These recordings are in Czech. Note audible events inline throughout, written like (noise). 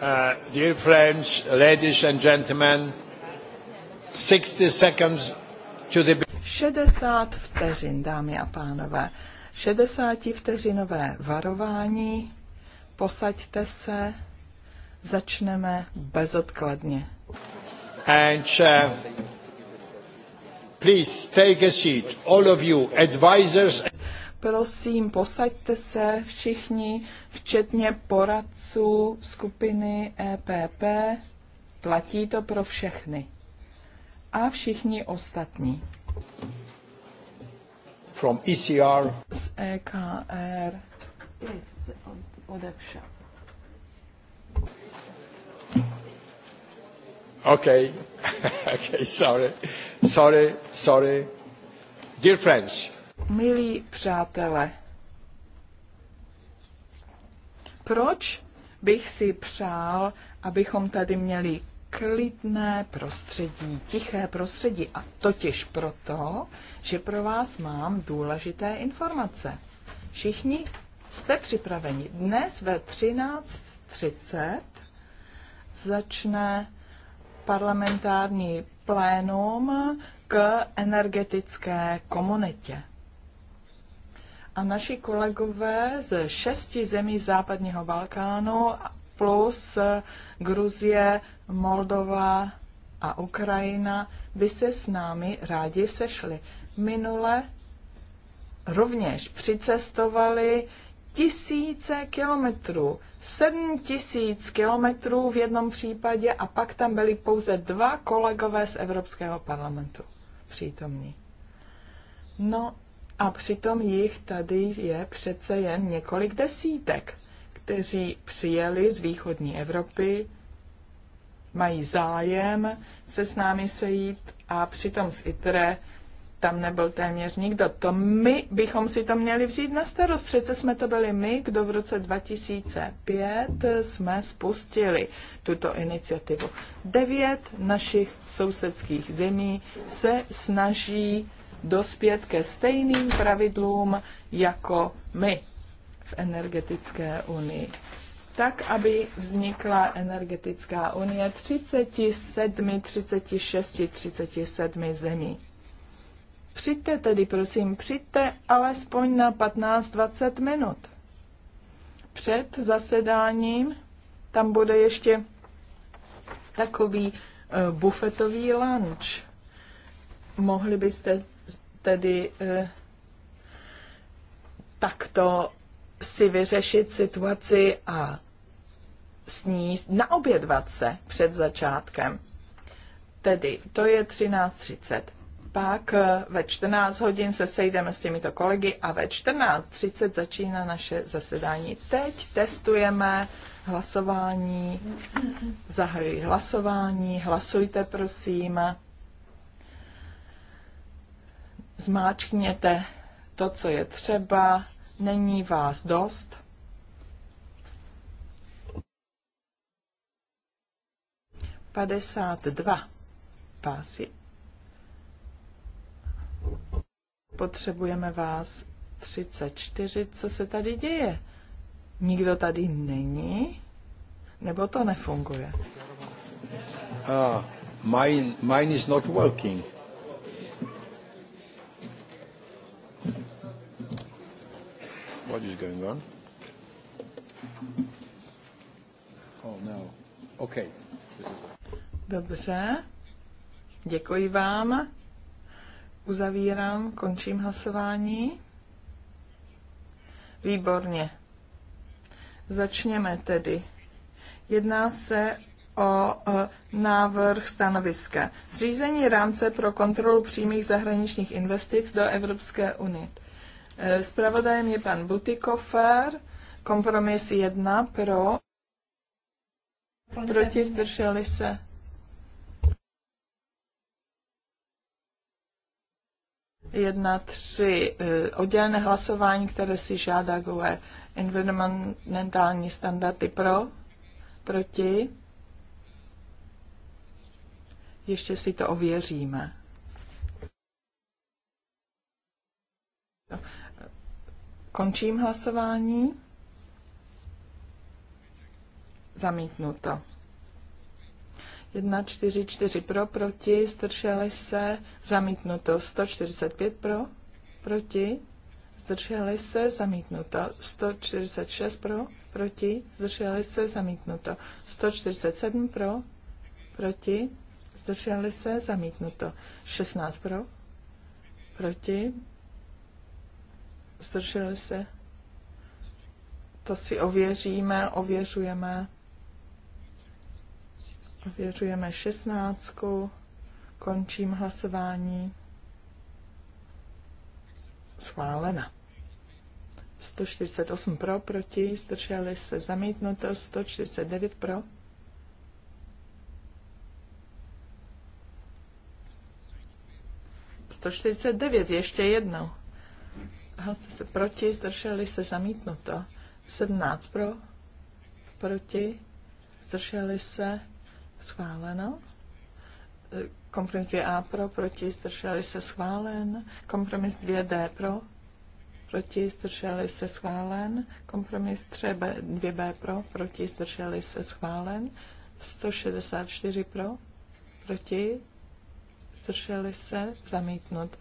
Uh, dear friends, ladies and gentlemen, 60 seconds to the... 60 vteřin, dámy a pánové. 60 vteřinové varování. Posaďte se. Začneme bezodkladně. And uh, please take a seat, all of you, advisors. And... Prosím, posaďte se všichni, včetně poradců skupiny EPP. Platí to pro všechny. A všichni ostatní. From ECR. Z EKR. Okay. (laughs) okay, sorry. Sorry, sorry. Dear friends. Milí přátelé, proč bych si přál, abychom tady měli klidné prostředí, tiché prostředí. A totiž proto, že pro vás mám důležité informace. Všichni jste připraveni. Dnes ve 13.30 začne parlamentární plénum k energetické komunitě. A naši kolegové z šesti zemí západního Balkánu plus Gruzie, Moldova a Ukrajina by se s námi rádi sešli. Minule rovněž přicestovali tisíce kilometrů, sedm tisíc kilometrů v jednom případě a pak tam byli pouze dva kolegové z Evropského parlamentu přítomní. No a přitom jich tady je přece jen několik desítek, kteří přijeli z východní Evropy, mají zájem se s námi sejít a přitom z ITRE tam nebyl téměř nikdo. To my bychom si to měli vzít na starost. Přece jsme to byli my, kdo v roce 2005 jsme spustili tuto iniciativu. Devět našich sousedských zemí se snaží dospět ke stejným pravidlům jako my v energetické unii. Tak, aby vznikla energetická unie 37, 36, 37 zemí. Přijďte tedy, prosím, přijďte alespoň na 15-20 minut. Před zasedáním tam bude ještě takový eh, bufetový lunch. Mohli byste tedy eh, takto si vyřešit situaci a sníst, naobědvat se před začátkem. Tedy to je 13.30. Pak eh, ve 14 hodin se sejdeme s těmito kolegy a ve 14.30 začíná naše zasedání. Teď testujeme hlasování, zahajuji hlasování, hlasujte prosím zmáčkněte to, co je třeba, není vás dost. Padesát dva pásy. Potřebujeme vás 34. Co se tady děje? Nikdo tady není? Nebo to nefunguje? Uh, mine, mine is not working. is going on. Oh, no. okay. Dobře, děkuji vám. Uzavírám, končím hlasování. Výborně. Začněme tedy. Jedná se o e, návrh stanoviska. Zřízení rámce pro kontrolu přímých zahraničních investic do Evropské unie. Spravodajem eh, je pan Butikofer, kompromis 1 pro, proti zdrželi se. Jedna, tři eh, oddělené hlasování, které si žádá gové Environmentální standardy pro, proti. Ještě si to ověříme. Končím hlasování. Zamítnuto. 1, 4, 4 pro, proti, zdrželi se, zamítnuto 145 pro, proti, zdrželi se, zamítnuto 146 pro, proti, zdrželi se, zamítnuto 147 pro, proti, zdrželi se, zamítnuto 16 pro, proti, Zdrželi se? To si ověříme, ověřujeme. Ověřujeme šestnáctku. Končím hlasování. Schválena. 148 pro, proti, zdrželi se zamítnuto, 149 pro. Sto devět, ještě jednou. Hlasy se proti, zdrželi se zamítnuto. 17 pro, proti, zdrželi se schváleno. Kompromis je A pro, proti, zdrželi se schválen. Kompromis 2D pro, proti, zdrželi se schválen. Kompromis 3B, 2B pro, proti, zdrželi se schválen. 164 pro, proti, zdrželi se zamítnut.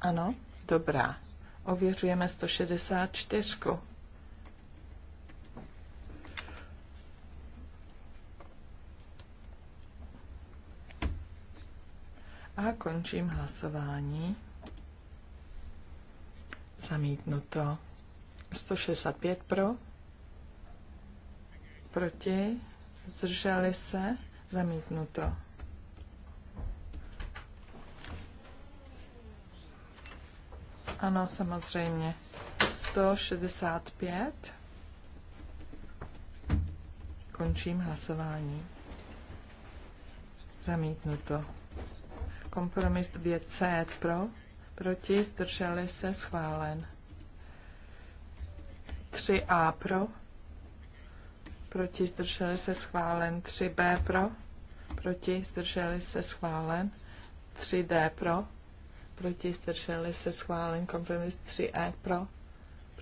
Ano. Dobrá. Ověřujeme 164. A končím hlasování. Zamítnuto. 165 pro. Proti. Zdrželi se. Zamítnuto. Ano, samozřejmě. 165. Končím hlasování. Zamítnuto. Kompromis 2C pro, proti, zdrželi se, schválen. 3A pro, proti, zdrželi se, schválen. 3B pro, proti, zdrželi se, schválen. 3D pro, proti, zdrželi se schválen. Kompromis 3E pro,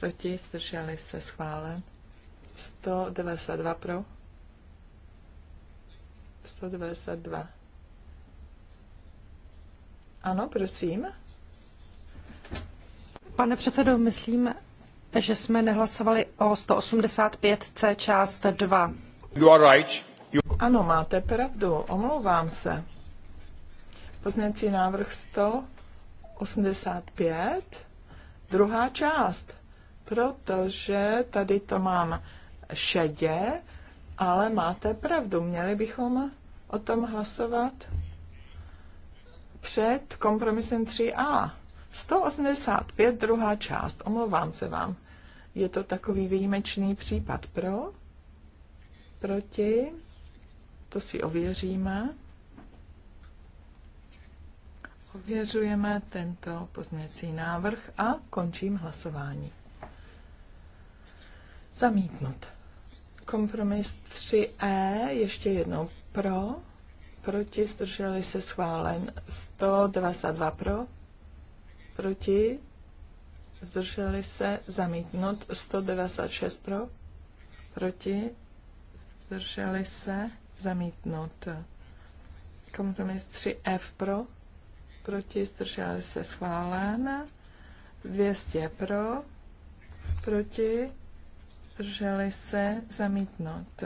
proti, zdrželi se schválen. 192 pro, 192. Ano, prosím. Pane předsedo, myslím, že jsme nehlasovali o 185C část 2. You are right. You... Ano, máte pravdu, omlouvám se. Poznací návrh 100 85, druhá část, protože tady to mám šedě, ale máte pravdu, měli bychom o tom hlasovat před kompromisem 3a. 185, druhá část, omlouvám se vám. Je to takový výjimečný případ pro, proti, to si ověříme. Ověřujeme tento pozměcí návrh a končím hlasování. Zamítnut. Kompromis 3E, ještě jednou pro, proti, zdrželi se schválen 122 pro, proti, zdrželi se zamítnut 196 pro, proti, zdrželi se zamítnut. Kompromis 3F pro, proti, zdrželi se schválen. 200 pro, proti, zdrželi se zamítnout.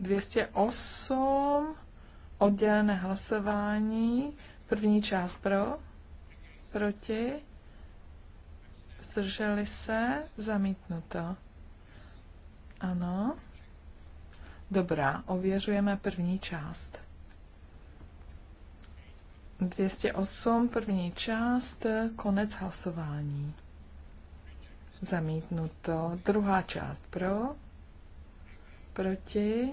Dvěstě osm oddělené hlasování. První část pro, proti, zdrželi se, zamítnuto. Ano. Dobrá, ověřujeme první část. 208, první část, konec hlasování. Zamítnuto. Druhá část pro, proti,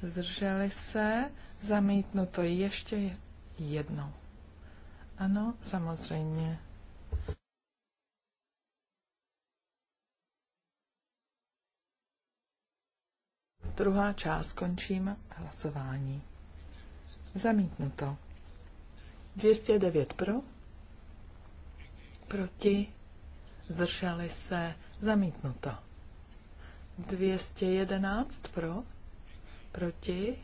zdrželi se, zamítnuto ještě jednou. Ano, samozřejmě. Druhá část končím hlasování. Zamítnuto. 209 pro, proti, zdrželi se, zamítnuto. 211 pro, proti,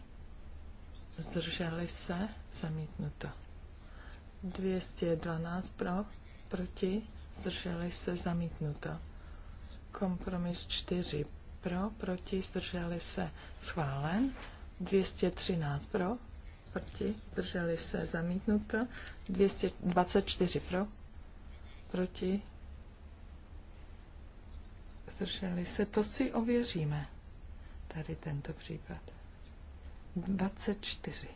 zdrželi se, zamítnuto. 212 pro, proti, zdrželi se, zamítnuto. Kompromis 4 pro, proti, zdrželi se, schválen. 213 pro, proti, zdrželi se, zamítnuto. 224 pro, proti, zdrželi se. To si ověříme, tady tento případ. 24.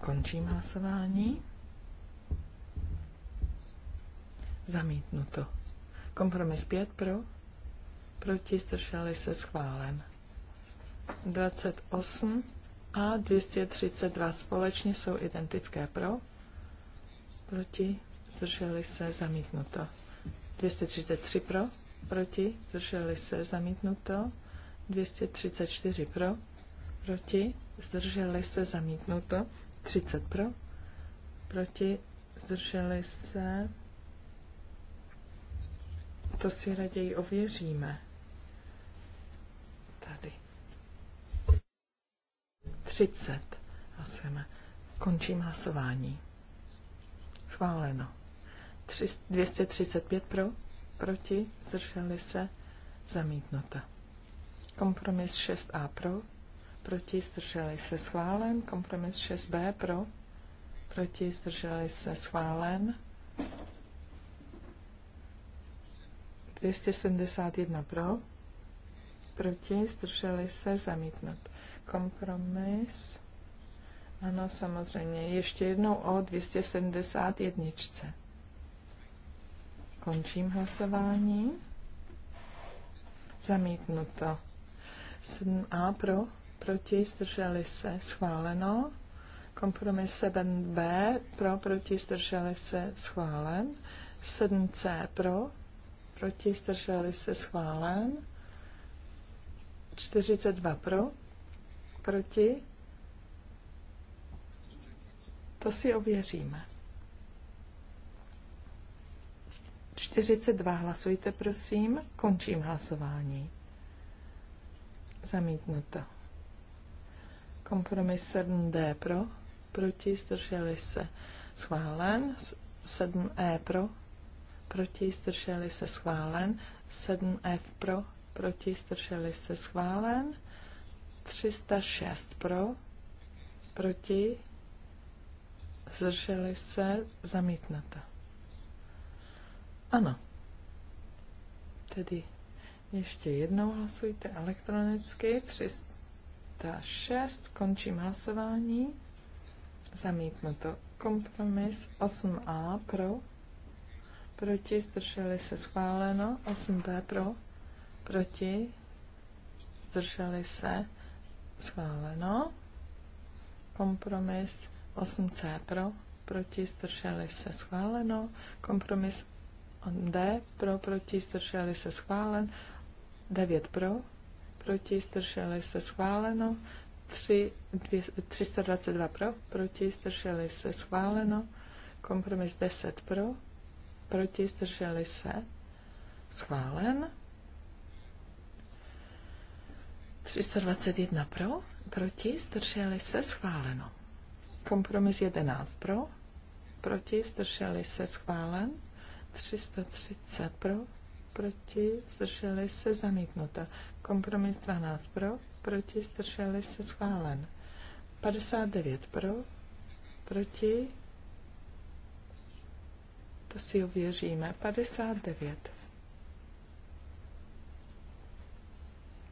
Končím hlasování. Zamítnuto. Kompromis 5 pro, proti, zdrželi se schválen. 28 a 232 společně jsou identické pro, proti, zdrželi se zamítnuto. 233 pro, proti, zdrželi se zamítnuto. 234 pro, proti, zdrželi se zamítnuto. 30 pro, proti, zdrželi se to si raději ověříme. Tady. 30. Hlasujeme. Končím hlasování. Schváleno. 235 pro, proti, zdrželi se, zamítnuta. Kompromis 6a pro, proti, zdrželi se, schválen. Kompromis 6b pro, proti, zdrželi se, schválen. 271 pro, proti, zdrželi se, zamítnout. Kompromis, ano, samozřejmě, ještě jednou o 271. Končím hlasování. Zamítnuto. 7A pro, proti, zdrželi se, schváleno. Kompromis 7B, pro, proti, zdrželi se, schválen. 7C pro, proti, zdrželi se schválen. 42 pro, proti. To si ověříme. 42 hlasujte, prosím. Končím hlasování. Zamítnuto. Kompromis 7D pro, proti, zdrželi se. Schválen. 7E pro, proti, zdrželi se schválen. 7F pro, proti, zdrželi se schválen. 306 pro, proti, zdrželi se zamítnuta. Ano. Tedy ještě jednou hlasujte elektronicky. 306. Končím hlasování. Zamítnuto. Kompromis 8a pro proti, zdrželi se schváleno, 8B pro, proti, zdrželi se schváleno, kompromis 8C pro, proti, zdrželi se schváleno, kompromis D pro, proti, zdrželi se schválen, 9 pro, proti, zdrželi se schváleno, 3, 2, 322 pro, proti, zdrželi se schváleno, kompromis 10 pro, proti, zdrželi se, schválen. 321 pro, proti, zdrželi se, schváleno. Kompromis 11 pro, proti, zdrželi se, schválen. 330 pro, proti, zdrželi se, zamítnuto. Kompromis 12 pro, proti, zdrželi se, schválen. 59 pro, proti, to si uvěříme. 59.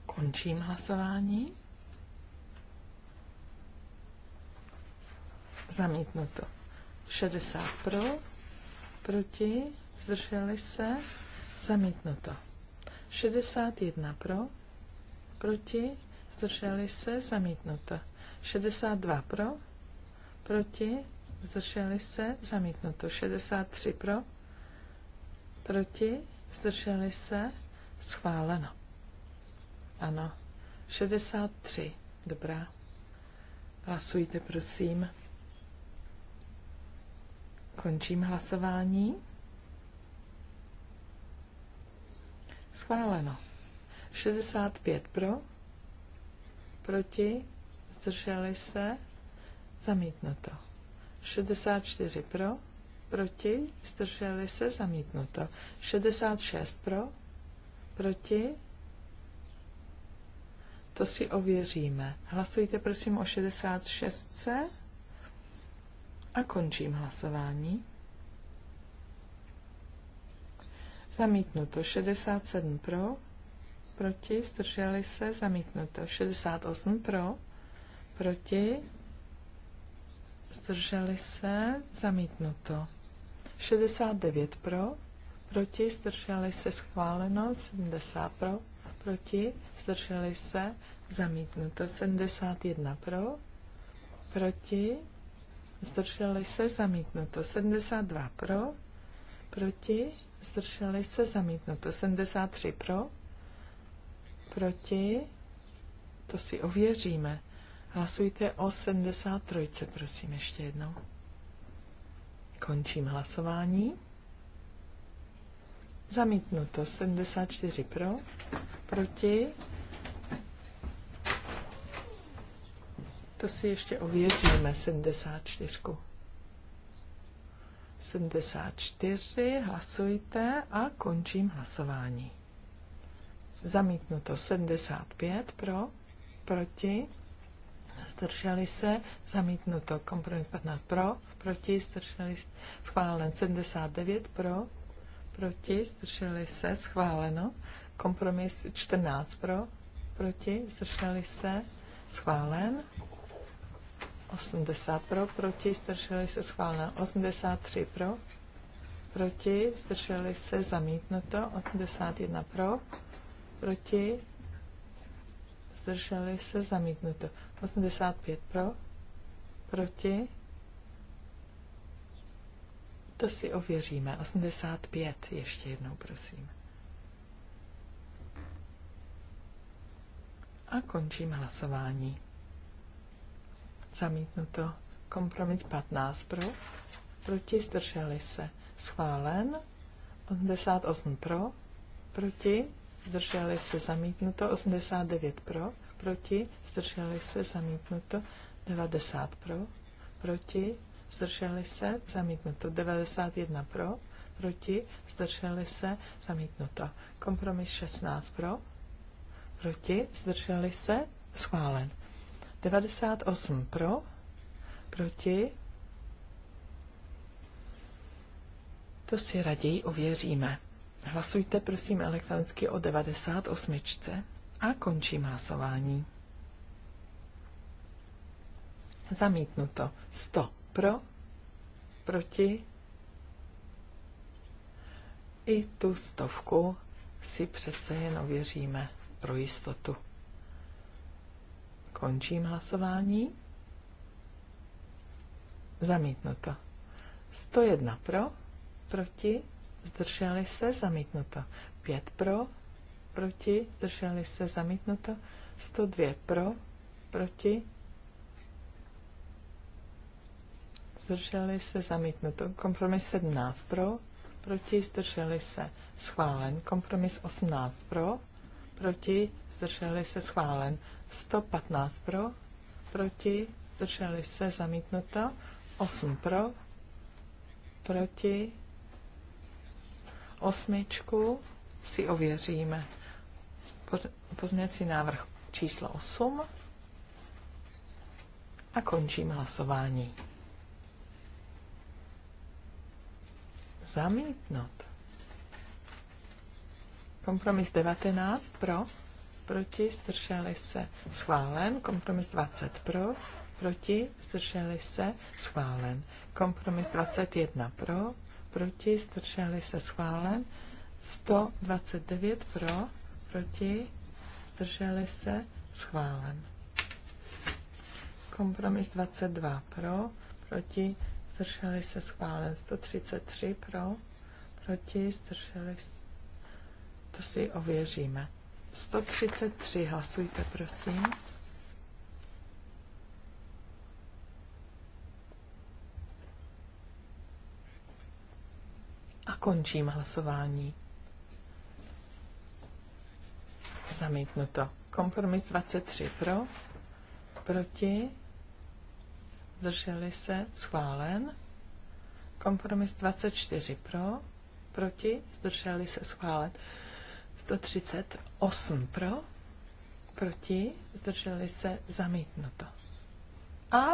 Končím hlasování. Zamítnuto. 60 pro, proti, zdrželi se, zamítnuto. 61 pro, proti, zdrželi se, zamítnuto. 62 pro, proti, zdrželi se, zamítnuto. 63 pro, proti, zdrželi se, schváleno. Ano, 63, dobrá. Hlasujte, prosím. Končím hlasování. Schváleno. 65 pro, proti, zdrželi se, zamítnuto. 64 pro, proti, zdrželi se, zamítnuto. 66 pro, proti, to si ověříme. Hlasujte prosím o 66 a končím hlasování. Zamítnuto 67 pro, proti, zdrželi se, zamítnuto 68 pro, proti, zdrželi se, zamítnuto. 69 pro, proti, zdrželi se, schváleno, 70 pro, proti, zdrželi se, zamítnuto, 71 pro, proti, zdrželi se, zamítnuto, 72 pro, proti, zdrželi se, zamítnuto, 73 pro, proti, to si ověříme. Hlasujte o 73, prosím, ještě jednou. Končím hlasování. Zamítnuto 74 pro, proti. To si ještě ověříme, 74. 74, hlasujte a končím hlasování. Zamítnuto 75 pro, proti zdrželi se, zamítnuto. Kompromis 15 pro, proti, zdrželi se, schválen 79 pro, proti, zdrželi se, schváleno. Kompromis 14 pro, proti, zdrželi se, schválen. 80 pro, proti, zdrželi se, schváleno. 83 pro, proti, zdrželi se, zamítnuto. 81 pro, proti, zdrželi se, zamítnuto. 85 pro, proti. To si ověříme. 85 ještě jednou, prosím. A končím hlasování. Zamítnuto. Kompromis 15 pro, proti zdrželi se. Schválen. 88 pro, proti zdrželi se. Zamítnuto. 89 pro, proti, zdrželi se, zamítnuto, 90 pro, proti, zdrželi se, zamítnuto, 91 pro, proti, zdrželi se, zamítnuto. Kompromis 16 pro, proti, zdrželi se, schválen. 98 pro, proti, to si raději uvěříme. Hlasujte prosím elektronicky o 98. A končím hlasování. Zamítnuto. 100 pro, proti. I tu stovku si přece jen ověříme pro jistotu. Končím hlasování. Zamítnuto. 101 pro, proti, zdrželi se, zamítnuto. 5 pro, proti, zdrželi se zamítnuto, 102 pro, proti, zdrželi se zamítnuto, kompromis 17 pro, proti, zdrželi se schválen, kompromis 18 pro, proti, zdrželi se schválen, 115 pro, proti, zdrželi se zamítnuto, 8 pro, proti, osmičku si ověříme pozměňovací návrh číslo 8 a končím hlasování. Zamítnout. Kompromis 19 pro, proti, zdrželi se, schválen. Kompromis 20 pro, proti, zdrželi se, schválen. Kompromis 21 pro, proti, zdrželi se, schválen. 129 pro, proti, zdrželi se, schválen. Kompromis 22 pro, proti, zdrželi se, schválen. 133 pro, proti, zdrželi se. To si ověříme. 133, hlasujte, prosím. A končím hlasování. Zamítnuto. Kompromis 23 pro, proti, zdrželi se, schválen. Kompromis 24 pro, proti, zdrželi se, schválen. 138 pro, proti, zdrželi se, zamítnuto. A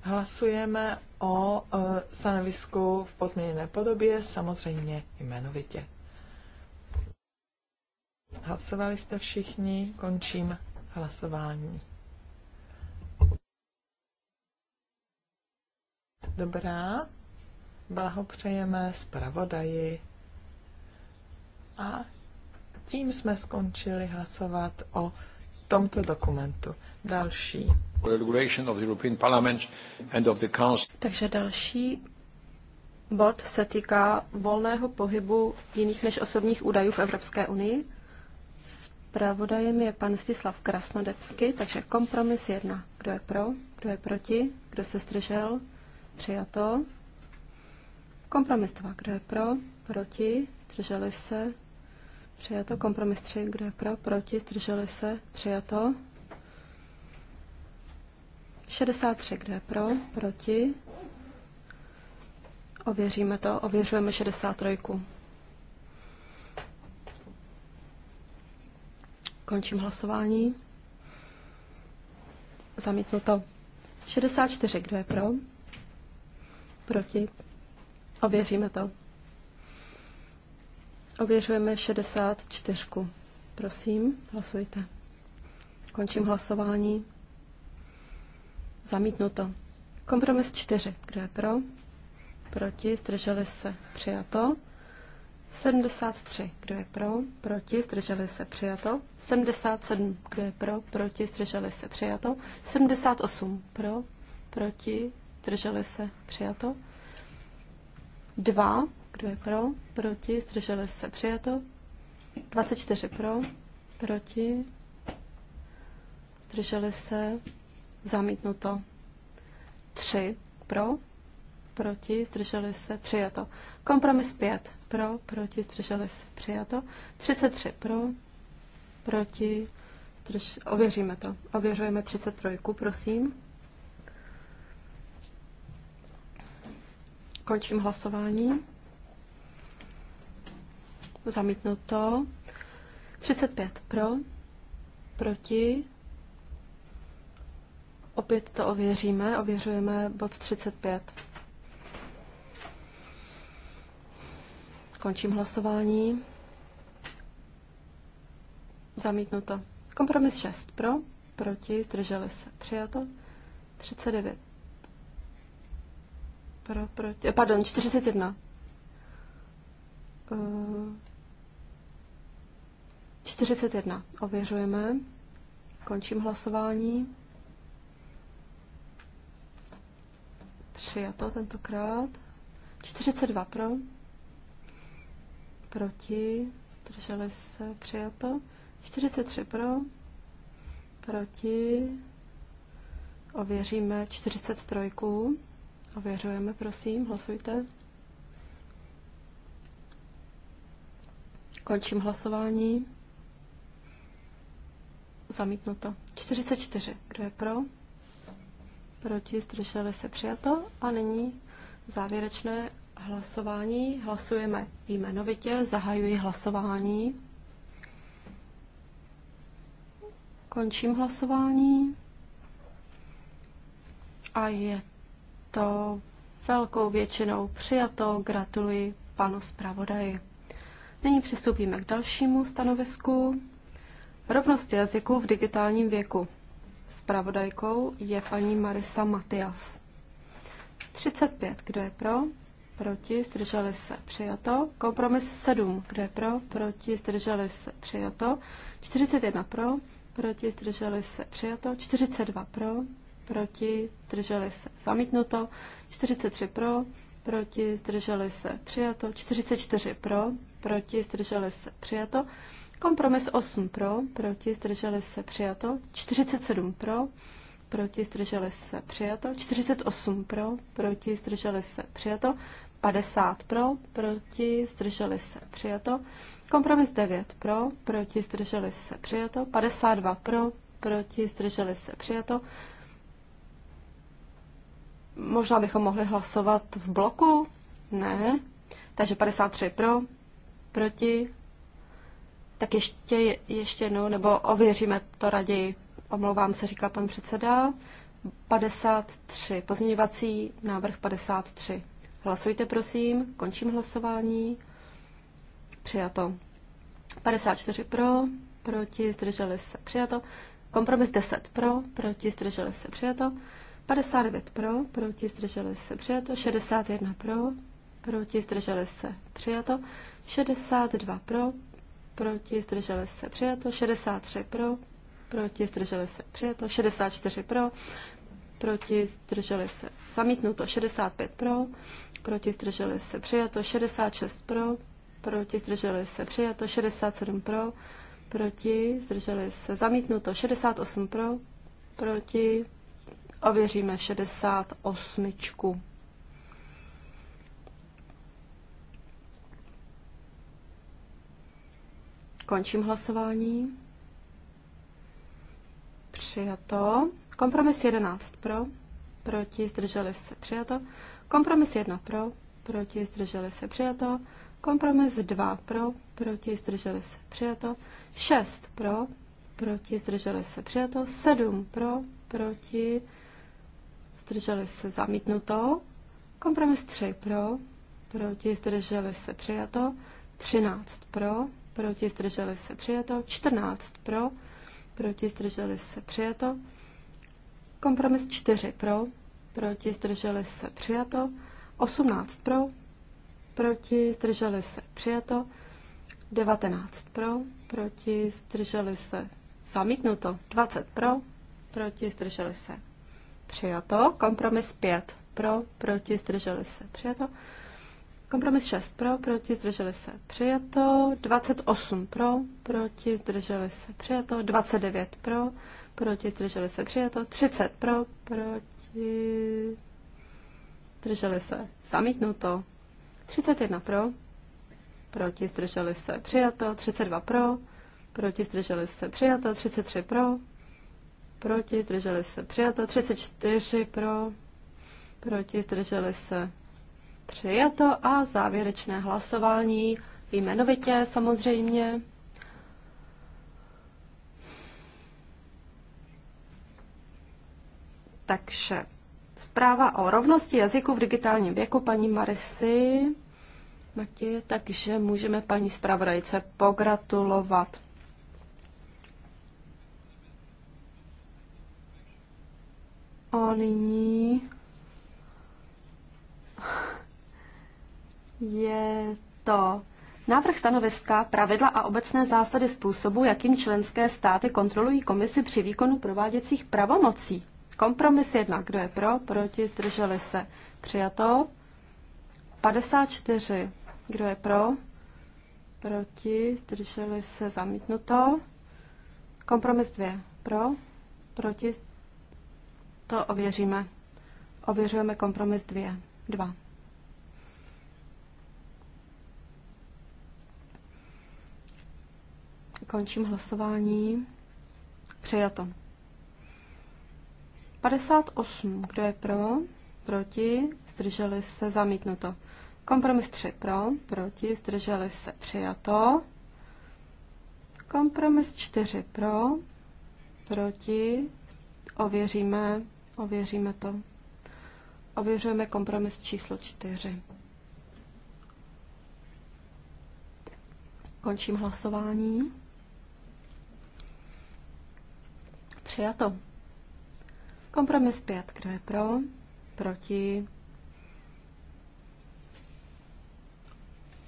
hlasujeme o e, stanovisku v pozměněné podobě, samozřejmě jmenovitě. Hlasovali jste všichni, končím hlasování. Dobrá, blahopřejeme zpravodaji. A tím jsme skončili hlasovat o tomto dokumentu. Další. Takže další bod se týká volného pohybu jiných než osobních údajů v Evropské unii. Pravodajem je pan Stislav Krasnodebsky, takže kompromis jedna. Kdo je pro, kdo je proti, kdo se zdržel, přijato. Kompromis dva. Kdo je pro? Proti? Zdrželi se? Přijato. Kompromis tři, Kdo je pro? Proti? Zdrželi se? Přijato. 63. Kdo je pro? Proti? Ověříme to. Ověřujeme 63. Končím hlasování. Zamítnuto. 64, kdo je pro? Proti? Ověříme to. Ověřujeme 64. Prosím, hlasujte. Končím hlasování. Zamítnuto. Kompromis 4. Kdo je pro? Proti? Zdrželi se? Přijato. 73. Kdo je pro? Proti? Zdrželi se přijato. 77. Kdo je pro? Proti? Zdrželi se přijato. 78. Pro? Proti? Zdrželi se přijato. 2. Kdo je pro? Proti? Zdrželi se přijato. 24 pro, proti, zdrželi se, zamítnuto. 3 pro, proti, zdrželi se, přijato. Kompromis 5 pro, proti, zdrželi se, přijato. 33 pro, proti, zdrž... ověříme to. Ověřujeme 33, prosím. Končím hlasování. Zamítnuto. 35 pro, proti, opět to ověříme, ověřujeme bod 35. Končím hlasování. Zamítnuto. Kompromis 6 pro, proti, zdrželi se. Přijato. 39. Pro, proti, eh, pardon, 41. Uh, 41. Ověřujeme. Končím hlasování. Přijato tentokrát. 42 pro, proti, drželi se, přijato. 43 pro, proti, ověříme 43. Ověřujeme, prosím, hlasujte. Končím hlasování. Zamítnuto. 44. Kdo je pro? Proti, zdrželi se přijato. A nyní závěrečné hlasování. Hlasujeme jmenovitě. Zahajuji hlasování. Končím hlasování. A je to velkou většinou přijato. Gratuluji panu zpravodaji. Nyní přistoupíme k dalšímu stanovisku. Rovnost jazyků v digitálním věku. Spravodajkou je paní Marisa Matias. 35. Kdo je pro? proti, zdrželi se, přijato. Kompromis 7, kde pro, proti, zdrželi se, přijato. 41 pro, proti, zdrželi se, přijato. 42 pro, proti, zdrželi se, zamítnuto. 43 pro, proti, zdrželi se, přijato. 44 pro, proti, zdrželi se, přijato. Kompromis 8 pro, proti, zdrželi se, přijato. 47 pro, proti, zdrželi se, přijato. 48 pro, proti, zdrželi se, přijato. 50 pro, proti, zdrželi se, přijato. Kompromis 9 pro, proti, zdrželi se, přijato. 52 pro, proti, zdrželi se, přijato. Možná bychom mohli hlasovat v bloku? Ne. Takže 53 pro, proti. Tak ještě, ještě jednou, nebo ověříme to raději omlouvám se, říká pan předseda. 53, pozměňovací návrh 53. Hlasujte, prosím. Končím hlasování. Přijato. 54 pro, proti, zdrželi se. Přijato. Kompromis 10 pro, proti, zdrželi se. Přijato. 59 pro, proti, zdrželi se. Přijato. 61 pro, proti, zdrželi se. Přijato. 62 pro, proti, zdrželi se. Přijato. 63 pro, proti, zdrželi se přijeto, 64 pro, proti, zdrželi se zamítnuto, 65 pro, proti, zdrželi se přijeto, 66 pro, proti, zdrželi se přijeto, 67 pro, proti, zdrželi se zamítnuto, 68 pro, proti, ověříme 68. Končím hlasování přijato. Kompromis 11 pro, proti, zdrželi se, přijato. Kompromis 1 pro, proti, zdrželi se, přijato. Kompromis 2 pro, proti, zdrželi se, přijato. 6 pro, proti, zdrželi se, přijato. 7 pro, proti, zdrželi se, zamítnuto. Kompromis 3 pro, proti, zdrželi se, přijato. 13 pro, proti, zdrželi se, přijato. 14 pro, proti, zdrželi se přijato. Kompromis 4 pro, proti, zdrželi se přijato. 18 pro, proti, zdrželi se přijato. 19 pro, proti, zdrželi se zamítnuto. 20 pro, proti, zdrželi se přijato. Kompromis 5 pro, proti, zdrželi se přijato. Kompromis 6 pro, proti, zdrželi se, přijato. 28 pro, proti, zdrželi se, přijato. 29 pro, proti, zdrželi se, přijato. 30 pro, proti, zdrželi se, zamítnuto. 31 pro, proti, zdrželi se, přijato. 32 pro, proti, zdrželi se, přijato. 33 pro, proti, zdrželi se, přijato. 34 pro, proti, zdrželi se, Přijato a závěrečné hlasování jmenovitě samozřejmě. Takže zpráva o rovnosti jazyku v digitálním věku paní Marisy Matě, takže můžeme paní zpravodajce pogratulovat. A nyní je to návrh stanoviska, pravidla a obecné zásady způsobu, jakým členské státy kontrolují komisi při výkonu prováděcích pravomocí. Kompromis jedna, kdo je pro, proti, zdrželi se. Přijato. 54, kdo je pro, proti, zdrželi se, zamítnuto. Kompromis dvě, pro, proti, to ověříme. Ověřujeme kompromis dvě, dva. Končím hlasování. Přijato. 58. Kdo je pro? Proti? Zdrželi se? Zamítnuto. Kompromis 3 pro, proti, zdrželi se, přijato. Kompromis 4 pro, proti, ověříme, ověříme to. Ověřujeme kompromis číslo 4. Končím hlasování. Přijato. Kompromis 5. Kdo je pro? Proti?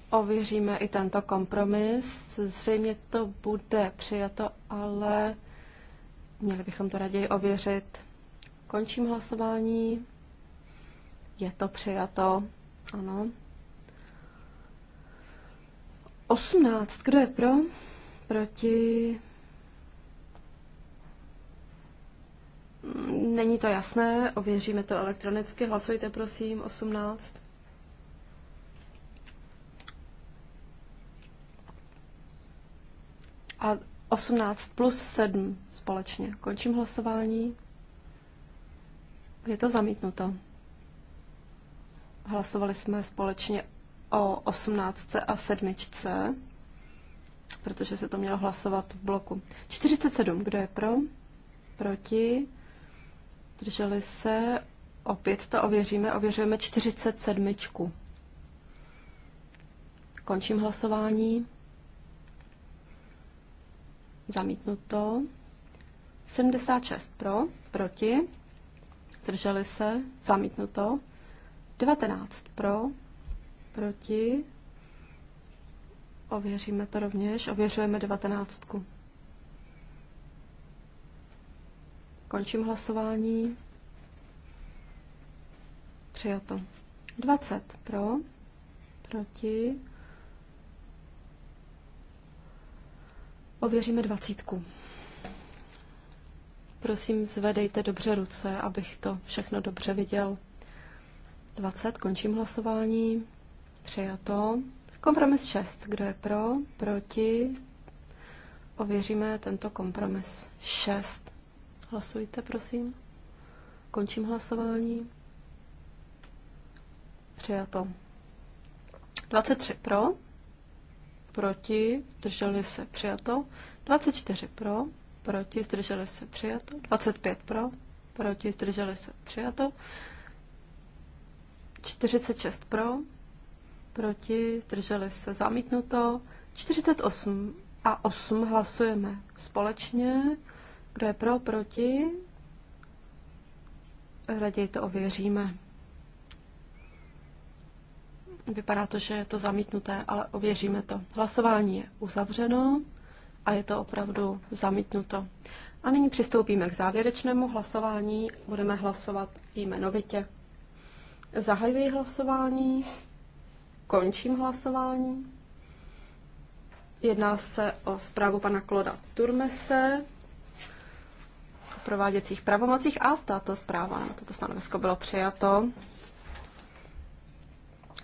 Ověříme i tento kompromis. Zřejmě to bude přijato, ale měli bychom to raději ověřit. Končím hlasování. Je to přijato. Ano. 18. Kdo je pro? Proti? Není to jasné, ověříme to elektronicky. Hlasujte prosím, 18. A 18 plus 7 společně. Končím hlasování. Je to zamítnuto. Hlasovali jsme společně o 18 a 7, protože se to mělo hlasovat v bloku. 47, kdo je pro? Proti? Drželi se. Opět to ověříme. Ověřujeme 47. Končím hlasování. Zamítnuto. 76 pro, proti. Drželi se. Zamítnuto. 19 pro, proti. Ověříme to rovněž. Ověřujeme 19. Končím hlasování. Přijato. 20 pro, proti. Ověříme dvacítku. Prosím, zvedejte dobře ruce, abych to všechno dobře viděl. 20, končím hlasování. Přijato. Kompromis 6. Kdo je pro? Proti? Ověříme tento kompromis 6. Hlasujte, prosím. Končím hlasování. Přijato. 23 pro, proti, zdrželi se, přijato. 24 pro, proti, zdrželi se, přijato. 25 pro, proti, zdrželi se, přijato. 46 pro, proti, zdrželi se, zamítnuto. 48 a 8 hlasujeme společně. Kdo je pro, proti? Raději to ověříme. Vypadá to, že je to zamítnuté, ale ověříme to. Hlasování je uzavřeno a je to opravdu zamítnuto. A nyní přistoupíme k závěrečnému hlasování. Budeme hlasovat jmenovitě. Zahajuji hlasování, končím hlasování. Jedná se o zprávu pana Kloda Turmese prováděcích pravomocích a tato zpráva, toto stanovisko bylo přijato.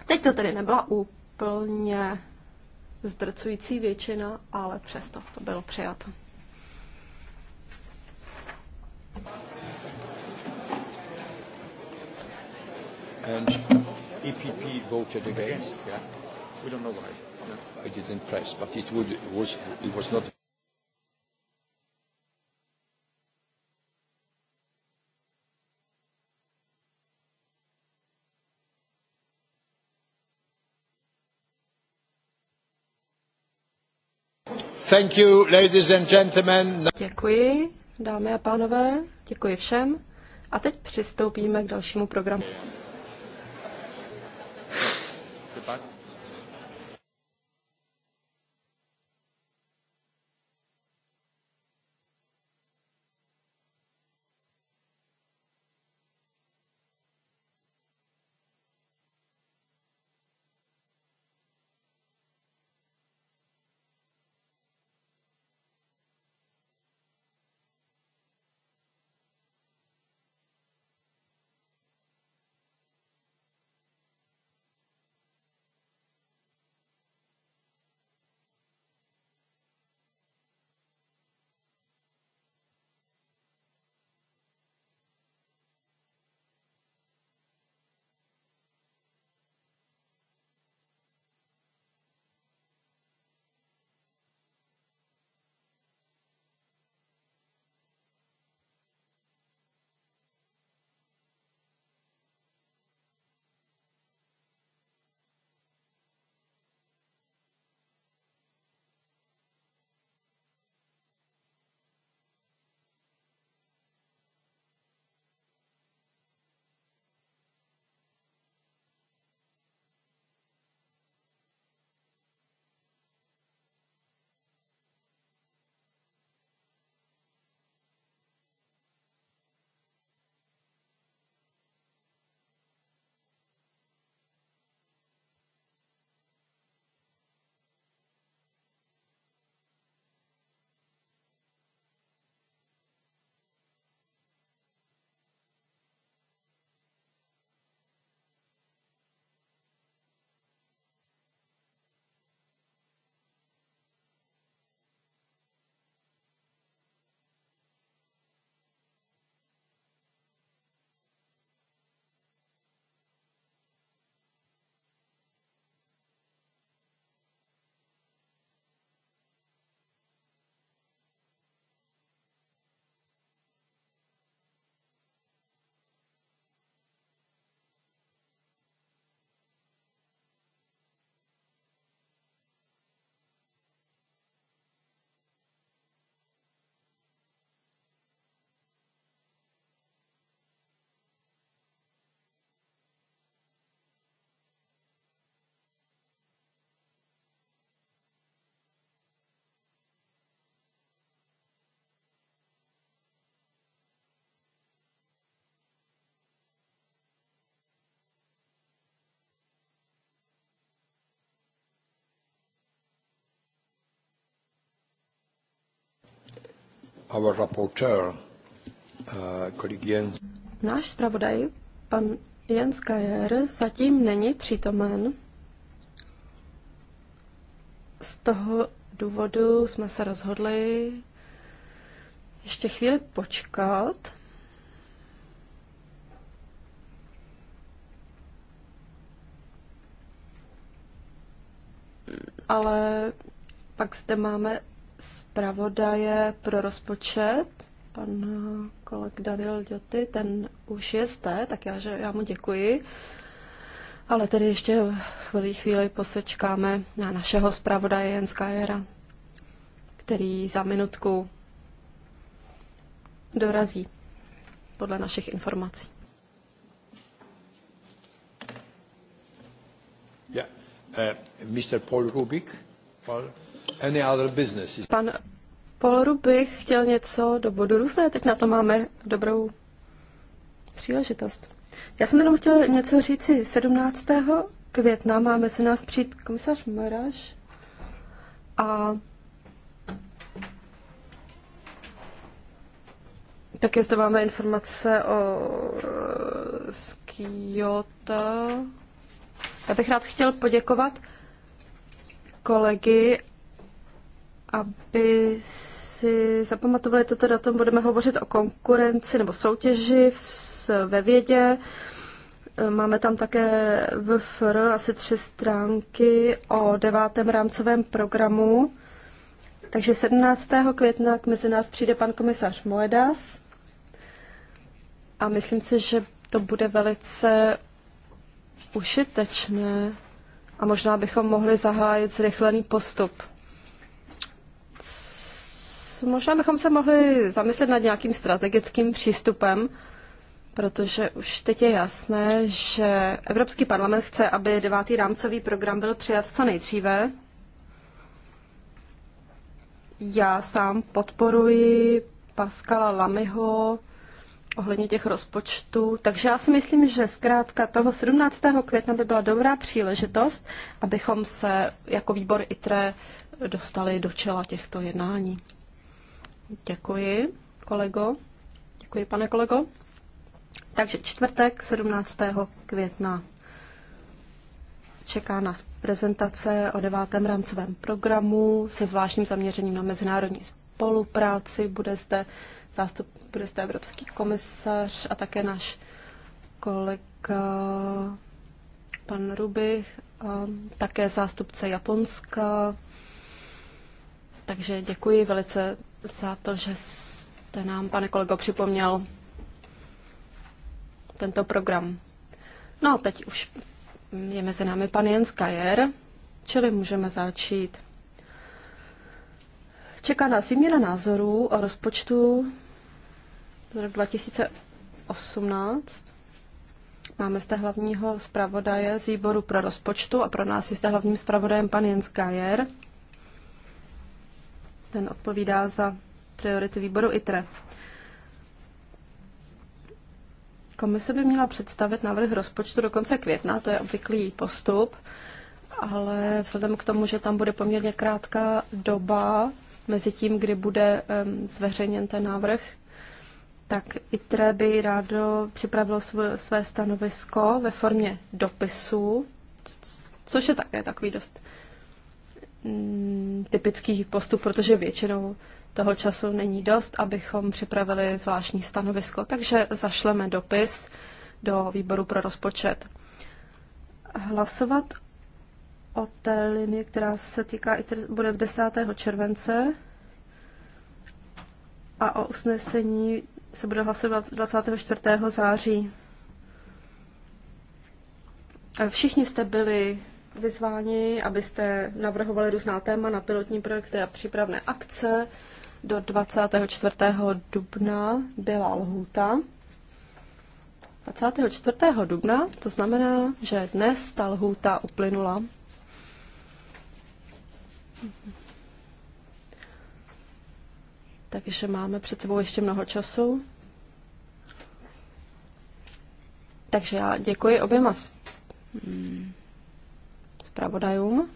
Teď to tedy nebyla úplně zdrcující většina, ale přesto to bylo přijato. And EPP voted against. Yeah? We don't know why. No. I didn't press, but it, would, it, was, it was not. Děkuji, dámy a pánové, děkuji všem. A teď přistoupíme k dalšímu programu. Goodbye. our rapporteur, uh, Jens. Náš zpravodaj, pan Jens Kajer, zatím není přítomen. Z toho důvodu jsme se rozhodli ještě chvíli počkat. Ale pak zde máme zpravodaje pro rozpočet, pan koleg Daniel Dioty, ten už je zde, tak já, že, já mu děkuji. Ale tedy ještě chvíli chvíli posečkáme na našeho zpravodaje Jenska Jera, který za minutku dorazí podle našich informací. yeah. uh, Mr. Paul Rubik, Paul. Pan Polru bych chtěl něco do bodu různé, teď na to máme dobrou příležitost. Já jsem jenom chtěl něco říci. 17. května máme se nás přijít komisař Maraš a také zde máme informace o z Kyoto. Já bych rád chtěl poděkovat kolegy aby si zapamatovali toto datum, budeme hovořit o konkurenci nebo soutěži ve vědě. Máme tam také VFR asi tři stránky o devátém rámcovém programu. Takže 17. května k mezi nás přijde pan komisař Moedas a myslím si, že to bude velice ušitečné a možná bychom mohli zahájit zrychlený postup. Možná bychom se mohli zamyslet nad nějakým strategickým přístupem, protože už teď je jasné, že Evropský parlament chce, aby devátý rámcový program byl přijat co nejdříve. Já sám podporuji Pascala Lamyho ohledně těch rozpočtů. Takže já si myslím, že zkrátka toho 17. května by byla dobrá příležitost, abychom se jako výbor ITRE dostali do čela těchto jednání. Děkuji, kolego. Děkuji, pane kolego. Takže čtvrtek 17. května čeká nás prezentace o devátém rámcovém programu se zvláštním zaměřením na mezinárodní spolupráci. Bude zde zástup, bude zde evropský komisař a také náš kolega pan Rubich, také zástupce Japonska, takže děkuji velice za to, že jste nám, pane kolego, připomněl tento program. No, teď už je mezi námi pan Jens Kajer, čili můžeme začít. Čeká nás výměna názorů o rozpočtu z roku 2018. Máme zde hlavního zpravodaje z výboru pro rozpočtu a pro nás je zde hlavním zpravodajem pan Jens Kajer ten odpovídá za priority výboru ITRE. Komise by měla představit návrh rozpočtu do konce května, to je obvyklý postup, ale vzhledem k tomu, že tam bude poměrně krátká doba mezi tím, kdy bude zveřejněn ten návrh, tak ITRE by rádo připravilo své stanovisko ve formě dopisu, což je také takový dost Mm, typický postup, protože většinou toho času není dost, abychom připravili zvláštní stanovisko. Takže zašleme dopis do výboru pro rozpočet. Hlasovat o té linii, která se týká, bude v 10. července a o usnesení se bude hlasovat 24. září. Všichni jste byli vyzváni, abyste navrhovali různá téma na pilotní projekty a přípravné akce. Do 24. dubna byla lhůta. 24. dubna, to znamená, že dnes ta lhůta uplynula. Takže máme před sebou ještě mnoho času. Takže já děkuji oběma. Hmm zpravodajům.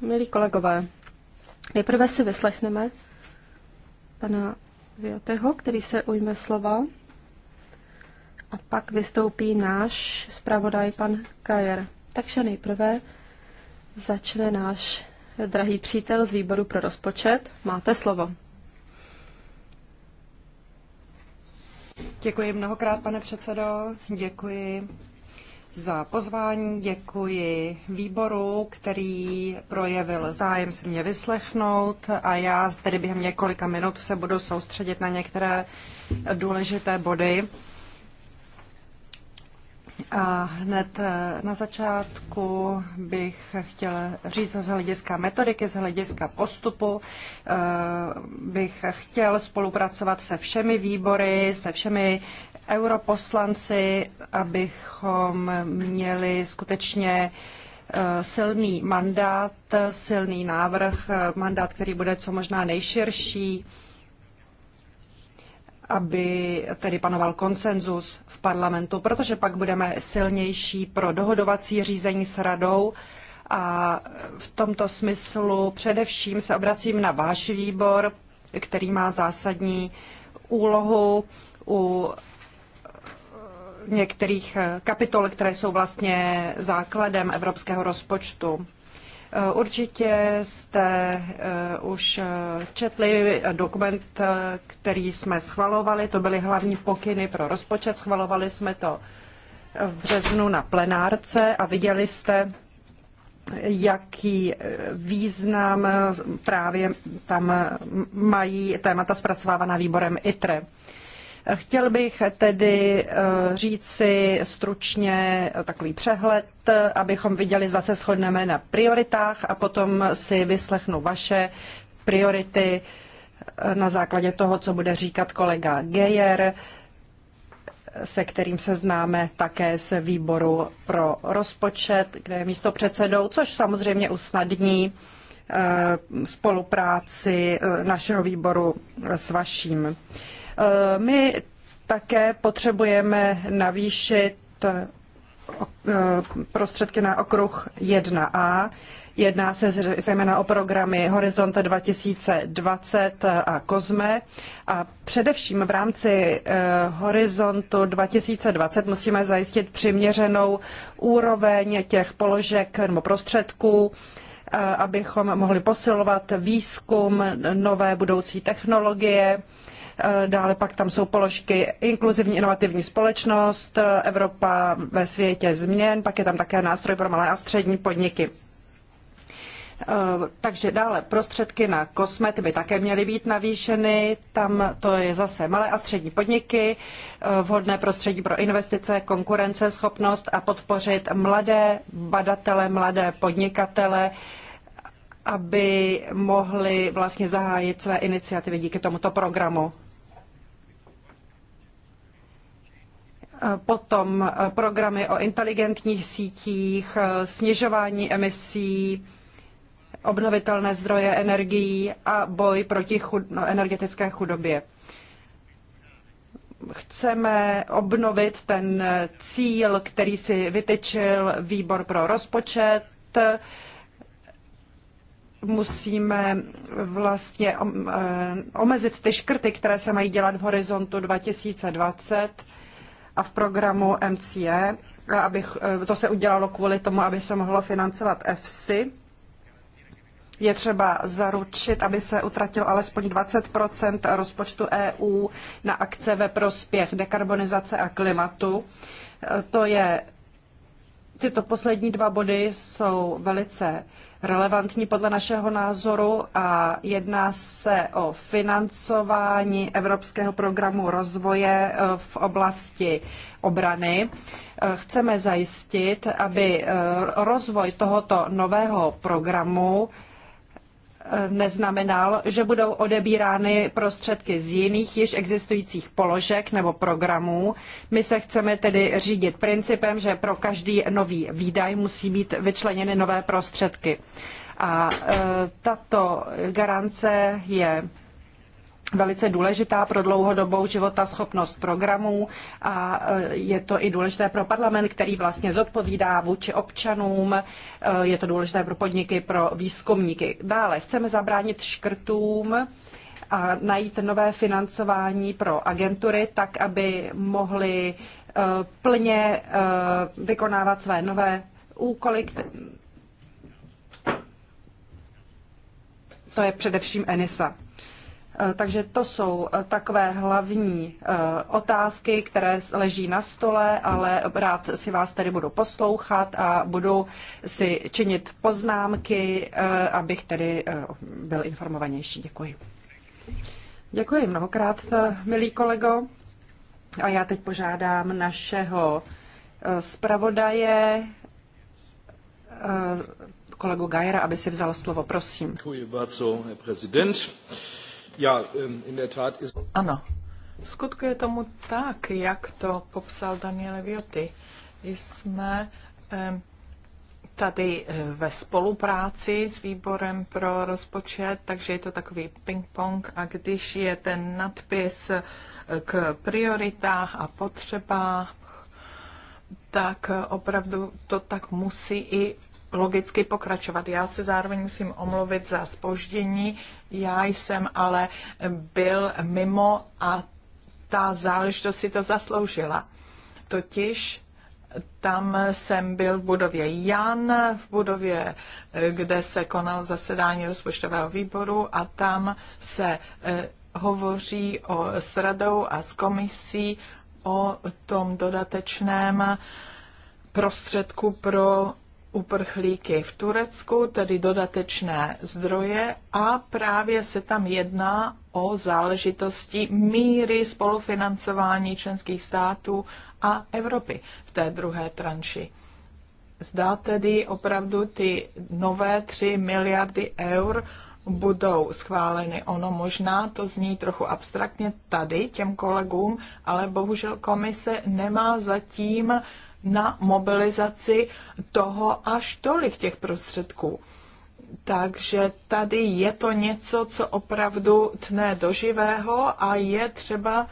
Milí kolegové, nejprve si vyslechneme pana Vioteho, který se ujme slova a pak vystoupí náš zpravodaj pan Kajer. Takže nejprve začne náš drahý přítel z výboru pro rozpočet. Máte slovo. Děkuji mnohokrát, pane předsedo. Děkuji za pozvání, děkuji výboru, který projevil zájem se mě vyslechnout a já tedy během několika minut se budu soustředit na některé důležité body. A hned eh, na začátku bych chtěla říct z hlediska metodiky, z hlediska postupu, eh, bych chtěl spolupracovat se všemi výbory, se všemi europoslanci, abychom měli skutečně eh, silný mandát, silný návrh, eh, mandát, který bude co možná nejširší, aby tedy panoval konsenzus v parlamentu, protože pak budeme silnější pro dohodovací řízení s radou a v tomto smyslu především se obracím na váš výbor, který má zásadní úlohu u některých eh, kapitol, které jsou vlastně základem evropského rozpočtu. Eh, určitě jste eh, už četli dokument, který jsme schvalovali, to byly hlavní pokyny pro rozpočet, schvalovali jsme to v březnu na plenárce a viděli jste, jaký význam právě tam mají témata zpracovávaná výborem ITRE. Chtěl bych tedy eh, říci stručně takový přehled, abychom viděli, zase shodneme na prioritách a potom si vyslechnu vaše priority eh, na základě toho, co bude říkat kolega Gejer, se kterým se známe také z výboru pro rozpočet, kde je místo předsedou, což samozřejmě usnadní eh, spolupráci našeho výboru s vaším. Eh, my také potřebujeme navýšit eh, prostředky na okruh 1A. Jedná se zejména o programy Horizont 2020 a COSME a především v rámci eh, Horizontu 2020 musíme zajistit přiměřenou úroveň těch položek nebo prostředků, abychom mohli posilovat výzkum, nové budoucí technologie, Eh, dále pak tam jsou položky inkluzivní inovativní společnost, eh, Evropa ve světě změn, pak je tam také nástroj pro malé a střední podniky. Eh, takže dále prostředky na kosmet by také měly být navýšeny. Tam to je zase malé a střední podniky, vhodné prostředí pro investice, konkurenceschopnost a podpořit mladé badatele, mladé podnikatele, aby mohli vlastně zahájit své iniciativy díky tomuto programu. potom e, programy o inteligentních sítích, e, snižování emisí, obnovitelné zdroje energií a boj proti chud, no, energetické chudobě. Chceme obnovit ten e, cíl, který si vytyčil výbor pro rozpočet. Musíme vlastně omezit ty škrty, které se mají dělat v horizontu 2020 a v programu MCE. Abych, eh, to se udělalo kvůli tomu, aby se mohlo financovat EFSI. Je třeba zaručit, aby se utratil alespoň 20 rozpočtu EU na akce ve prospěch dekarbonizace a klimatu. Eh, to je, tyto poslední dva body jsou velice relevantní podle našeho názoru a jedná se o financování Evropského programu rozvoje eh, v oblasti obrany. Eh, chceme zajistit, aby eh, rozvoj tohoto nového programu neznamenal, že budou odebírány prostředky z jiných již existujících položek nebo programů. My se chceme tedy řídit principem, že pro každý nový výdaj musí být vyčleněny nové prostředky. A e, tato garance je velice důležitá pro dlouhodobou životaschopnost programů a eh, je to i důležité pro parlament, který vlastně zodpovídá vůči občanům, eh, je to důležité pro podniky, pro výzkumníky. Dále chceme zabránit škrtům a najít nové financování pro agentury, tak aby mohly eh, plně vykonávat své nové úkoly. To je především ENISA. Eh, takže to jsou eh, takové hlavní eh, otázky, které leží na stole, ale rád si vás tedy budu poslouchat a budu si činit poznámky, abych tedy byl informovanější. Děkuji. Děkuji mnohokrát, milý kolego. A já teď požádám našeho zpravodaje, kolegu Gajera, aby si vzal slovo. Prosím. Děkuji bardzo, prezident. Ähm, ano, v skutku je tomu tak, jak to popsal Daniele Vioty. Jsme tady eh, ve spolupráci s výborem pro rozpočet, takže je to takový ping-pong a když je ten nadpis eh, k prioritách a potřebách, tak eh, opravdu to tak musí i logicky pokračovat. Já se zároveň musím omluvit za spoždění. Já jsem ale byl mimo a ta záležitost si to zasloužila. Totiž tam jsem byl v budově Jan, v budově, kde se konal zasedání rozpočtového výboru a tam se eh, hovoří o, s radou a s komisí o tom dodatečném prostředku pro uprchlíky v Turecku, tedy dodatečné zdroje a právě se tam jedná o záležitosti míry spolufinancování členských států a Evropy v té druhé tranši. Zdá tedy opravdu ty nové 3 miliardy eur budou schváleny. Ono možná to zní trochu abstraktně tady těm kolegům, ale bohužel komise nemá zatím na mobilizaci toho až tolik těch prostředků. Takže tady je to něco, co opravdu tne do živého a je třeba,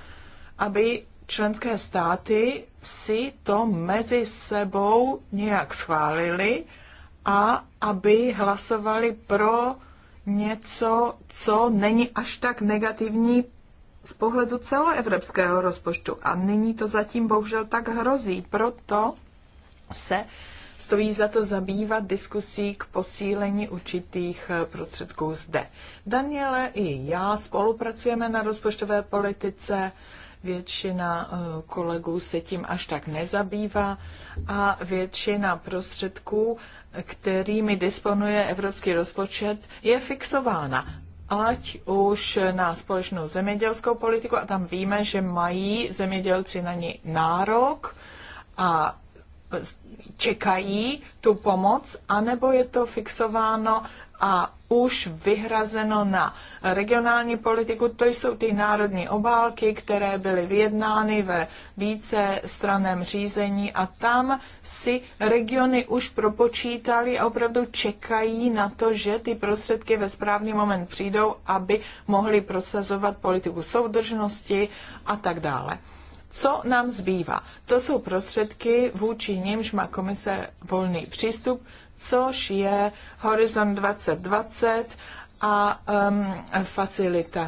aby členské státy si to mezi sebou nějak schválili a aby hlasovali pro něco, co není až tak negativní z pohledu celoevropského rozpočtu. A nyní to zatím bohužel tak hrozí. Proto se stojí za to zabývat diskusí k posílení určitých eh, prostředků zde. Daniele i já spolupracujeme na rozpočtové politice, většina eh, kolegů se tím až tak nezabývá a většina prostředků, kterými disponuje evropský rozpočet, je fixována ať už na společnou zemědělskou politiku, a tam víme, že mají zemědělci na ní nárok a čekají tu pomoc, anebo je to fixováno a už vyhrazeno na regionální politiku, to jsou ty národní obálky, které byly vyjednány ve více straném řízení a tam si regiony už propočítali a opravdu čekají na to, že ty prostředky ve správný moment přijdou, aby mohli prosazovat politiku soudržnosti a tak dále. Co nám zbývá? To jsou prostředky, vůči nímž má komise volný přístup, což je Horizon 2020 a um, facilita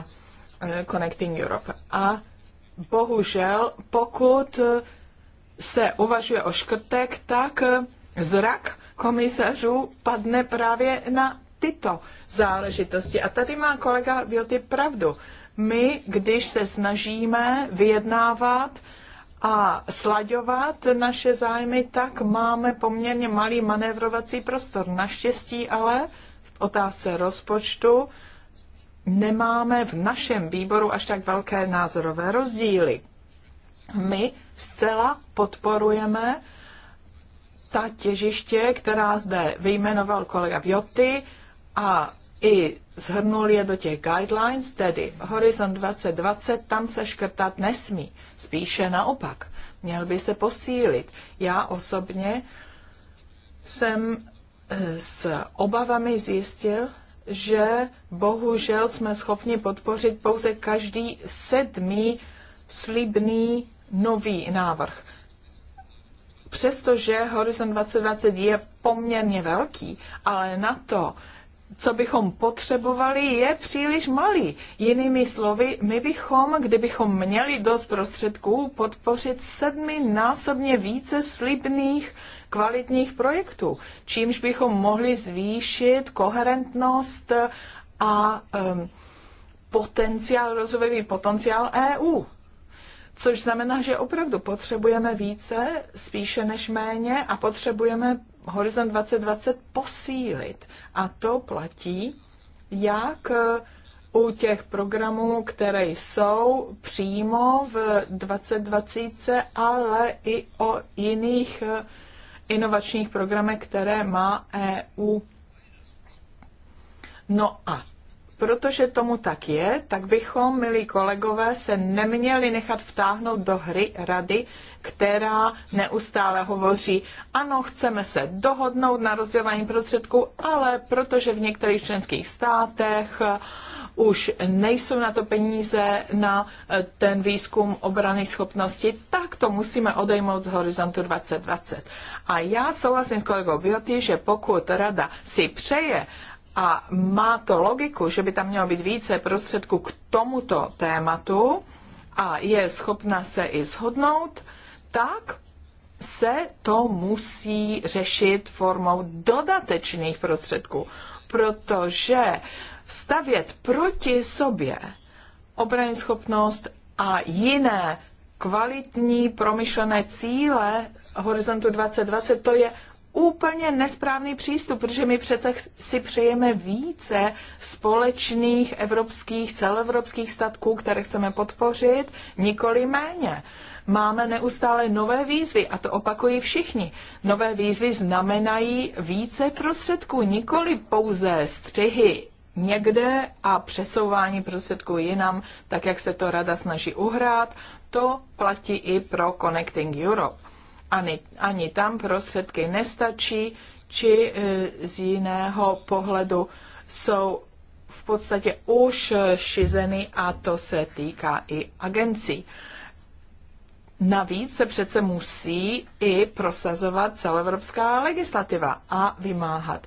uh, Connecting Europe. A bohužel, pokud se uvažuje o škrtek, tak zrak komisařů padne právě na tyto záležitosti. A tady má kolega Vilty pravdu. My, když se snažíme vyjednávat, a slaďovat naše zájmy, tak máme poměrně malý manévrovací prostor. Naštěstí ale v otázce rozpočtu nemáme v našem výboru až tak velké názorové rozdíly. My zcela podporujeme ta těžiště, která zde vyjmenoval kolega Vjoty a i zhrnul je do těch guidelines, tedy Horizon 2020, tam se škrtat nesmí. Spíše naopak, měl by se posílit. Já osobně jsem eh, s obavami zjistil, že bohužel jsme schopni podpořit pouze každý sedmý slibný nový návrh. Přestože Horizon 2020 je poměrně velký, ale na to, co bychom potřebovali, je příliš malý. Jinými slovy, my bychom, kdybychom měli dost prostředků, podpořit sedmi násobně více slibných kvalitních projektů, čímž bychom mohli zvýšit koherentnost a um, potenciál, rozvojový potenciál EU. Což znamená, že opravdu potřebujeme více, spíše než méně a potřebujeme Horizont 2020 posílit. A to platí jak e, u těch programů, které jsou přímo v 2020, ale i o jiných e, inovačních programech, které má EU. No a Protože tomu tak je, tak bychom, milí kolegové, se neměli nechat vtáhnout do hry rady, která neustále hovoří, ano, chceme se dohodnout na rozdělování prostředků, ale protože v některých členských státech eh, už nejsou na to peníze na eh, ten výzkum obrany schopnosti, tak to musíme odejmout z horizontu 2020. A já souhlasím s kolegou Bioty, že pokud rada si přeje, a má to logiku, že by tam mělo být více prostředků k tomuto tématu a je schopna se i shodnout, tak se to musí řešit formou dodatečných prostředků, protože stavět proti sobě schopnost a jiné kvalitní promyšlené cíle horizontu 2020, to je úplně nesprávný přístup, protože my přece si přejeme více společných evropských, celoevropských statků, které chceme podpořit, nikoli méně. Máme neustále nové výzvy a to opakují všichni. Nové výzvy znamenají více prostředků, nikoli pouze střihy někde a přesouvání prostředků jinam, tak jak se to rada snaží uhrát. To platí i pro Connecting Europe ani, ani tam prostředky nestačí, či e, z jiného pohledu jsou v podstatě už šizeny a to se týká i agencí. Navíc se přece musí i prosazovat celoevropská legislativa a vymáhat.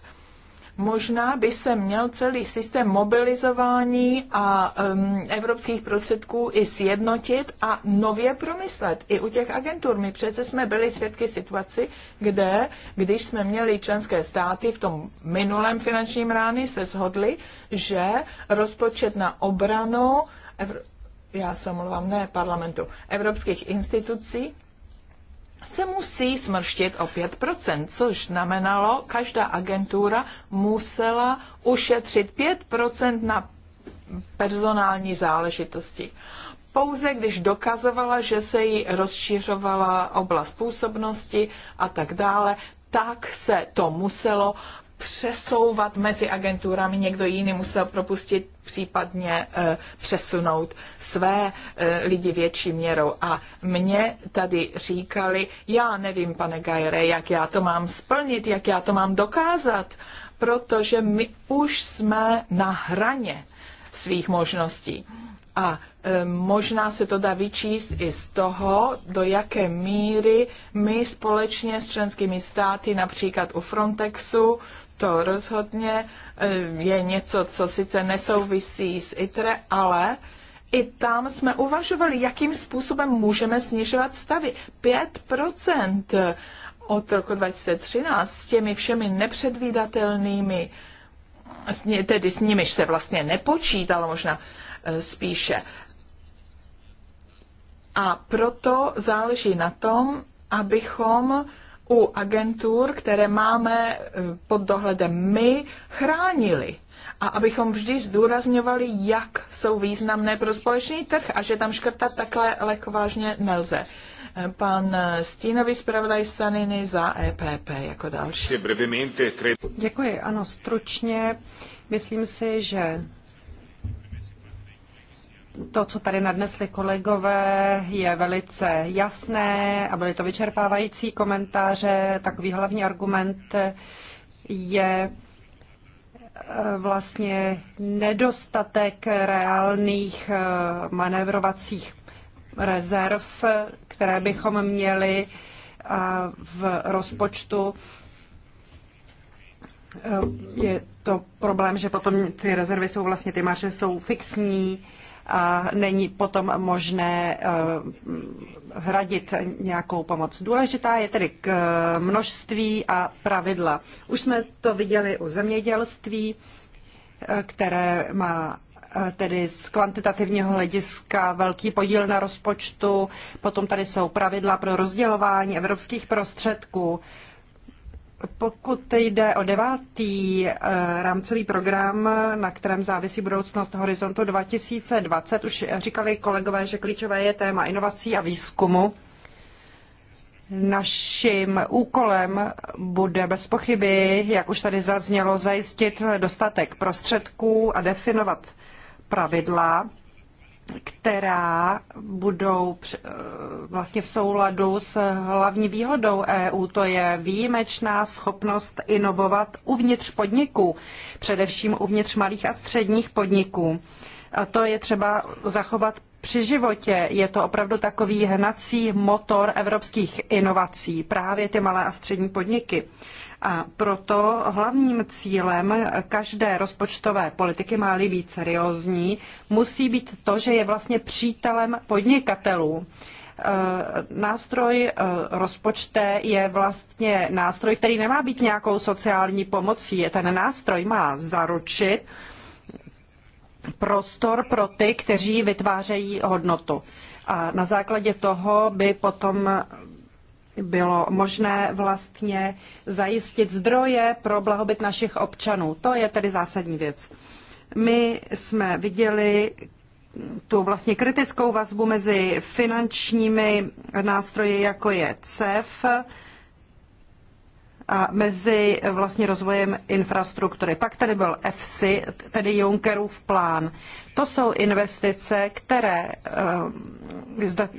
Možná by se měl celý systém mobilizování a um, evropských prostředků i sjednotit a nově promyslet. I u těch agentur. My přece jsme byli svědky situaci, kde, když jsme měli členské státy v tom minulém finančním rány, se shodli, že rozpočet na obranu, Evro... já se omlouvám, ne parlamentu, evropských institucí se musí smrštit o 5%, což znamenalo, každá agentura musela ušetřit 5% na personální záležitosti. Pouze když dokazovala, že se jí rozšiřovala oblast působnosti a tak dále, tak se to muselo přesouvat mezi agenturami, někdo jiný musel propustit, případně e, přesunout své e, lidi větší měrou. A mě tady říkali, já nevím, pane Gajere, jak já to mám splnit, jak já to mám dokázat, protože my už jsme na hraně svých možností. A eh, možná se to dá vyčíst i z toho, do jaké míry my společně s členskými státy, například u Frontexu, to rozhodně eh, je něco, co sice nesouvisí s ITRE, ale i tam jsme uvažovali, jakým způsobem můžeme snižovat stavy. 5% od roku 2013 s těmi všemi nepředvídatelnými, tedy s nimiž se vlastně nepočítalo možná eh, spíše. A proto záleží na tom, abychom u agentur, které máme eh, pod dohledem my, chránili. A abychom vždy zdůrazňovali, jak jsou významné pro společný trh a že tam škrtat takhle lehkovážně nelze. Eh, pan eh, Stínový zpravodaj Saniny za EPP jako další. Děkuji, ano, stručně. Myslím si, že to, co tady nadnesli kolegové, je velice jasné a byly to vyčerpávající komentáře. Takový hlavní argument je eh, vlastně nedostatek reálných eh, manévrovacích rezerv, které bychom měli eh, v rozpočtu. Je to problém, že potom ty rezervy jsou vlastně, ty marže jsou fixní, a není potom možné eh, hradit nějakou pomoc. Důležitá je tedy k eh, množství a pravidla. Už jsme to viděli u zemědělství, eh, které má tedy z kvantitativního hlediska velký podíl na rozpočtu. Potom tady jsou pravidla pro rozdělování evropských prostředků. Pokud jde o devátý eh, rámcový program, na kterém závisí budoucnost Horizontu 2020, už říkali kolegové, že klíčové je téma inovací a výzkumu. Naším úkolem bude bez pochyby, jak už tady zaznělo, zajistit dostatek prostředků a definovat pravidla, která budou eh, vlastně v souladu s hlavní výhodou EU, to je výjimečná schopnost inovovat uvnitř podniků, především uvnitř malých a středních podniků. A to je třeba zachovat při životě. Je to opravdu takový hnací motor evropských inovací, právě ty malé a střední podniky. A proto hlavním cílem každé rozpočtové politiky, má-li být seriózní, musí být to, že je vlastně přítelem podnikatelů e, nástroj e, rozpočte je vlastně nástroj, který nemá být nějakou sociální pomocí. Ten nástroj má zaručit prostor pro ty, kteří vytvářejí hodnotu. A na základě toho by potom bylo možné vlastně zajistit zdroje pro blahobyt našich občanů. To je tedy zásadní věc. My jsme viděli tu vlastně kritickou vazbu mezi finančními nástroji, jako je CEF, a mezi vlastně rozvojem infrastruktury. Pak tady byl EFSI, tedy Junckerův plán. To jsou investice, které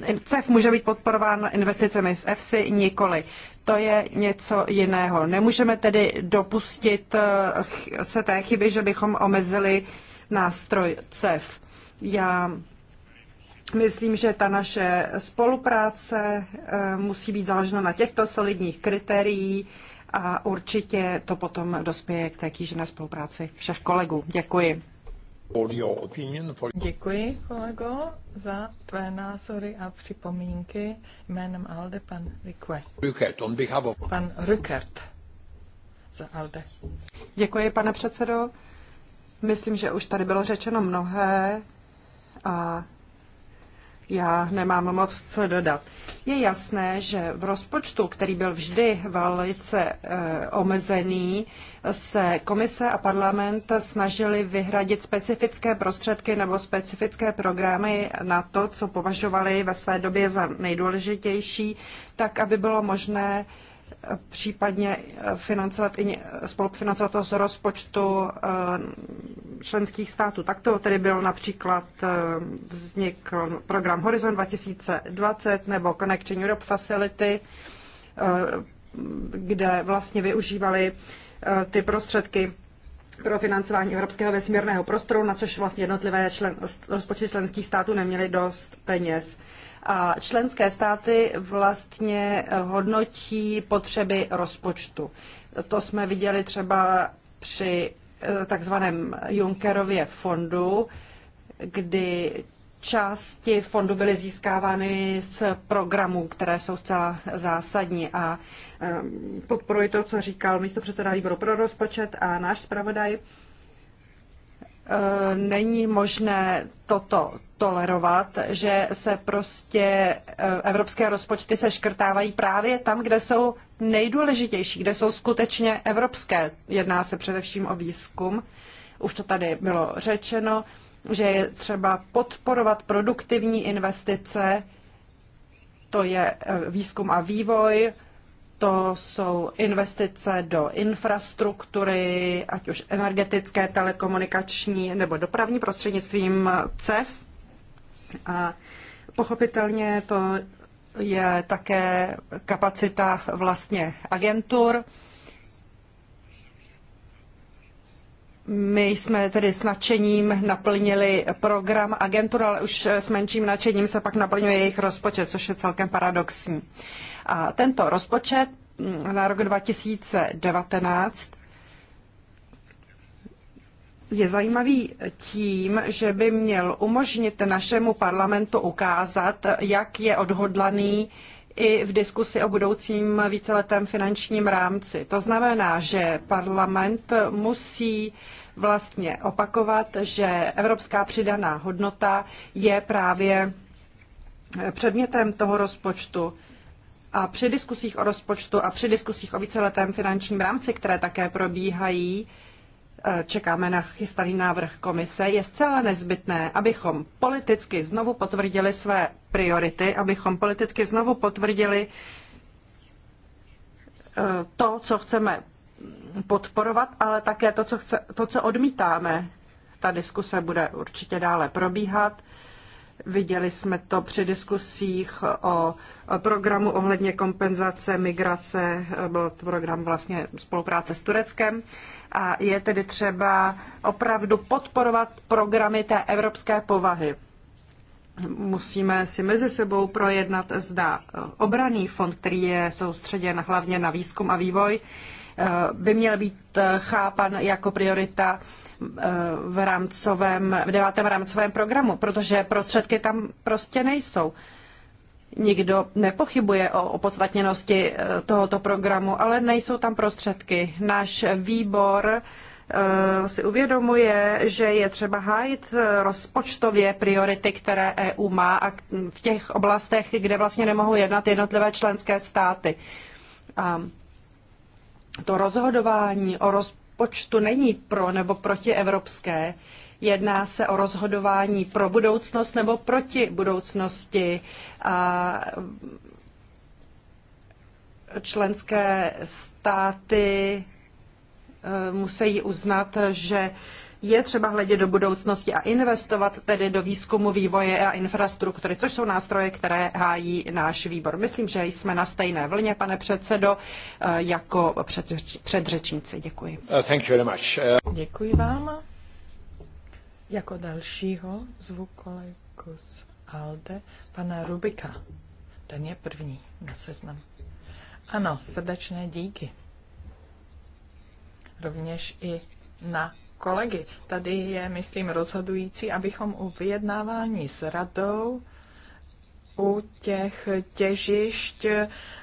eh, CEF může být podporován investicemi z EFSI, nikoli. To je něco jiného. Nemůžeme tedy dopustit eh, se té chyby, že bychom omezili nástroj CEF. Já Myslím, že ta naše spolupráce eh, musí být založena na těchto solidních kritériích a určitě to potom dospěje k té kýžené spolupráci všech kolegů. Děkuji. Děkuji, kolego, za tvé názory a připomínky. Jménem ALDE pan Rikwe. on Pan Rückert za ALDE. Děkuji, pane předsedo. Myslím, že už tady bylo řečeno mnohé a já nemám moc co dodat. Je jasné, že v rozpočtu, který byl vždy velice e, omezený, se komise a parlament snažili vyhradit specifické prostředky nebo specifické programy na to, co považovali ve své době za nejdůležitější, tak aby bylo možné případně financovat i, spolufinancovat to z rozpočtu eh, členských států. Tak to tedy byl například eh, vznik program Horizon 2020 nebo Connection Europe Facility, eh, kde vlastně využívali ty prostředky pro financování evropského vesmírného prostoru, na což vlastně jednotlivé člen, rozpočty členských států neměly dost peněz a členské státy vlastně hodnotí potřeby rozpočtu. To jsme viděli třeba při eh, takzvaném Junckerově fondu, kdy části fondu byly získávány z programů, které jsou zcela zásadní. A eh, podporuji to, co říkal místo předseda výboru pro rozpočet a náš zpravodaj, Eh, není možné toto tolerovat, že se prostě eh, evropské rozpočty se škrtávají právě tam, kde jsou nejdůležitější, kde jsou skutečně evropské. Jedná se především o výzkum, už to tady bylo řečeno, že je třeba podporovat produktivní investice, to je eh, výzkum a vývoj, to jsou investice do infrastruktury, ať už energetické, telekomunikační nebo dopravní prostřednictvím CEF. A pochopitelně to je také kapacita vlastně agentur. My jsme tedy s nadšením naplnili program agentur, ale už s menším nadšením se pak naplňuje jejich rozpočet, což je celkem paradoxní. A tento rozpočet mm, na rok 2019 je zajímavý tím, že by měl umožnit našemu parlamentu ukázat, jak je odhodlaný i v diskusi o budoucím víceletém finančním rámci. To znamená, že parlament musí vlastně opakovat, že evropská přidaná hodnota je právě předmětem toho rozpočtu. A při diskusích o rozpočtu a při diskusích o víceletém finančním rámci, které také probíhají, eh, čekáme na chystaný návrh komise, je zcela nezbytné, abychom politicky znovu potvrdili své priority, abychom politicky znovu potvrdili eh, to, co chceme podporovat, ale také to, co, chce, to, co odmítáme. Ta diskuse bude určitě dále probíhat Viděli jsme to při diskusích o programu ohledně kompenzace migrace. Byl to program vlastně spolupráce s Tureckem. A je tedy třeba opravdu podporovat programy té evropské povahy. Musíme si mezi sebou projednat, zda obraný fond, který je soustředěn hlavně na výzkum a vývoj, Eh, by měl být eh, chápan jako priorita eh, v, rámcovém, v devátém rámcovém programu, protože prostředky tam prostě nejsou. Nikdo nepochybuje o opodstatněnosti tohoto programu, ale nejsou tam prostředky. Náš výbor si uvědomuje, že je třeba hájit rozpočtově priority, které EU má a v těch oblastech, kde vlastně nemohou jednat jednotlivé členské státy. A to rozhodování o rozpočtu není pro nebo proti evropské. Jedná se o rozhodování pro budoucnost nebo proti budoucnosti. A členské státy e, musí uznat, že je třeba hledět do budoucnosti a investovat tedy do výzkumu, vývoje a infrastruktury, což jsou nástroje, které hájí náš výbor. Myslím, že jsme na stejné vlně, pane předsedo, eh, jako předřeč, předřečníci. Děkuji. Uh, thank you very much. Uh... Děkuji vám. Jako dalšího zvukolejku z Alde, pana Rubika. Ten je první na seznam. Ano, srdečné díky. Rovněž i na kolegy. Tady je, myslím, rozhodující, abychom u vyjednávání s radou u těch těžišť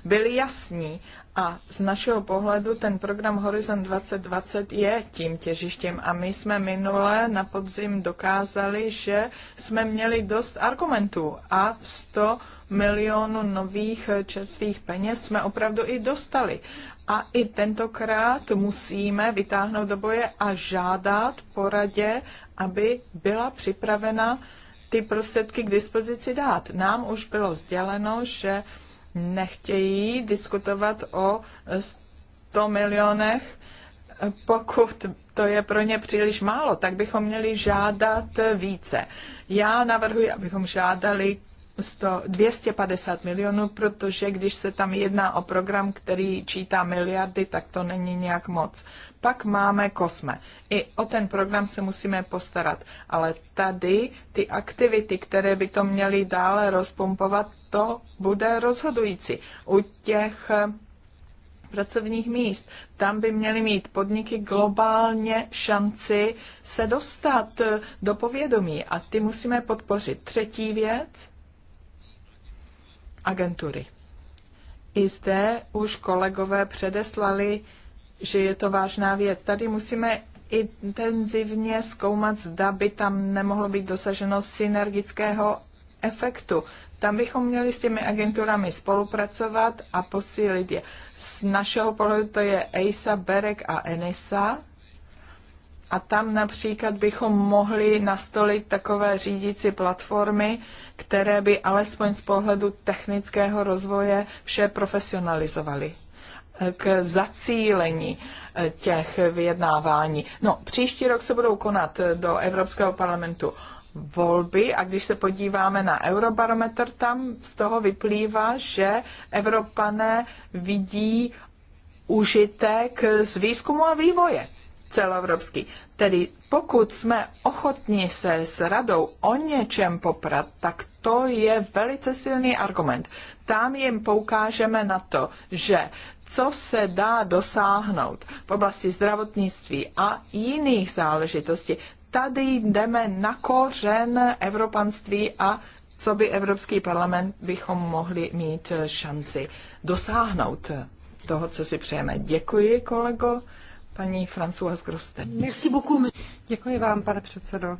byli jasní. A z našeho pohledu ten program Horizon 2020 je tím těžištěm a my jsme minule na podzim dokázali, že jsme měli dost argumentů a 100 milionů nových čerstvých peněz jsme opravdu i dostali. A i tentokrát musíme vytáhnout do boje a žádat poradě, aby byla připravena ty prostředky k dispozici dát. Nám už bylo sděleno, že nechtějí diskutovat o 100 milionech, pokud to je pro ně příliš málo, tak bychom měli žádat více. Já navrhuji, abychom žádali 100, 250 milionů, protože když se tam jedná o program, který čítá miliardy, tak to není nějak moc. Pak máme kosme. I o ten program se musíme postarat, ale tady ty aktivity, které by to měly dále rozpumpovat, to bude rozhodující. U těch eh, pracovních míst. Tam by měly mít podniky globálně šanci se dostat eh, do povědomí a ty musíme podpořit. Třetí věc, agentury. I zde už kolegové předeslali že je to vážná věc. Tady musíme intenzivně zkoumat, zda by tam nemohlo být dosaženo synergického efektu. Tam bychom měli s těmi agenturami spolupracovat a posílit je. Z našeho pohledu to je EISA, BEREK a ENISA. A tam například bychom mohli nastolit takové řídící platformy, které by alespoň z pohledu technického rozvoje vše profesionalizovaly k zacílení eh, těch vyjednávání. No, příští rok se budou konat eh, do Evropského parlamentu volby a když se podíváme na Eurobarometr, tam z toho vyplývá, že Evropané vidí užitek z výzkumu a vývoje celoevropský. Tedy pokud jsme ochotni se s radou o něčem poprat, tak to je velice silný argument. Tam jim poukážeme na to, že co se dá dosáhnout v oblasti zdravotnictví a jiných záležitostí, tady jdeme na kořen evropanství a co by Evropský parlament bychom mohli mít šanci dosáhnout toho, co si přejeme. Děkuji, kolego paní Françoise Groste. Merci beaucoup. Děkuji vám, pane předsedo.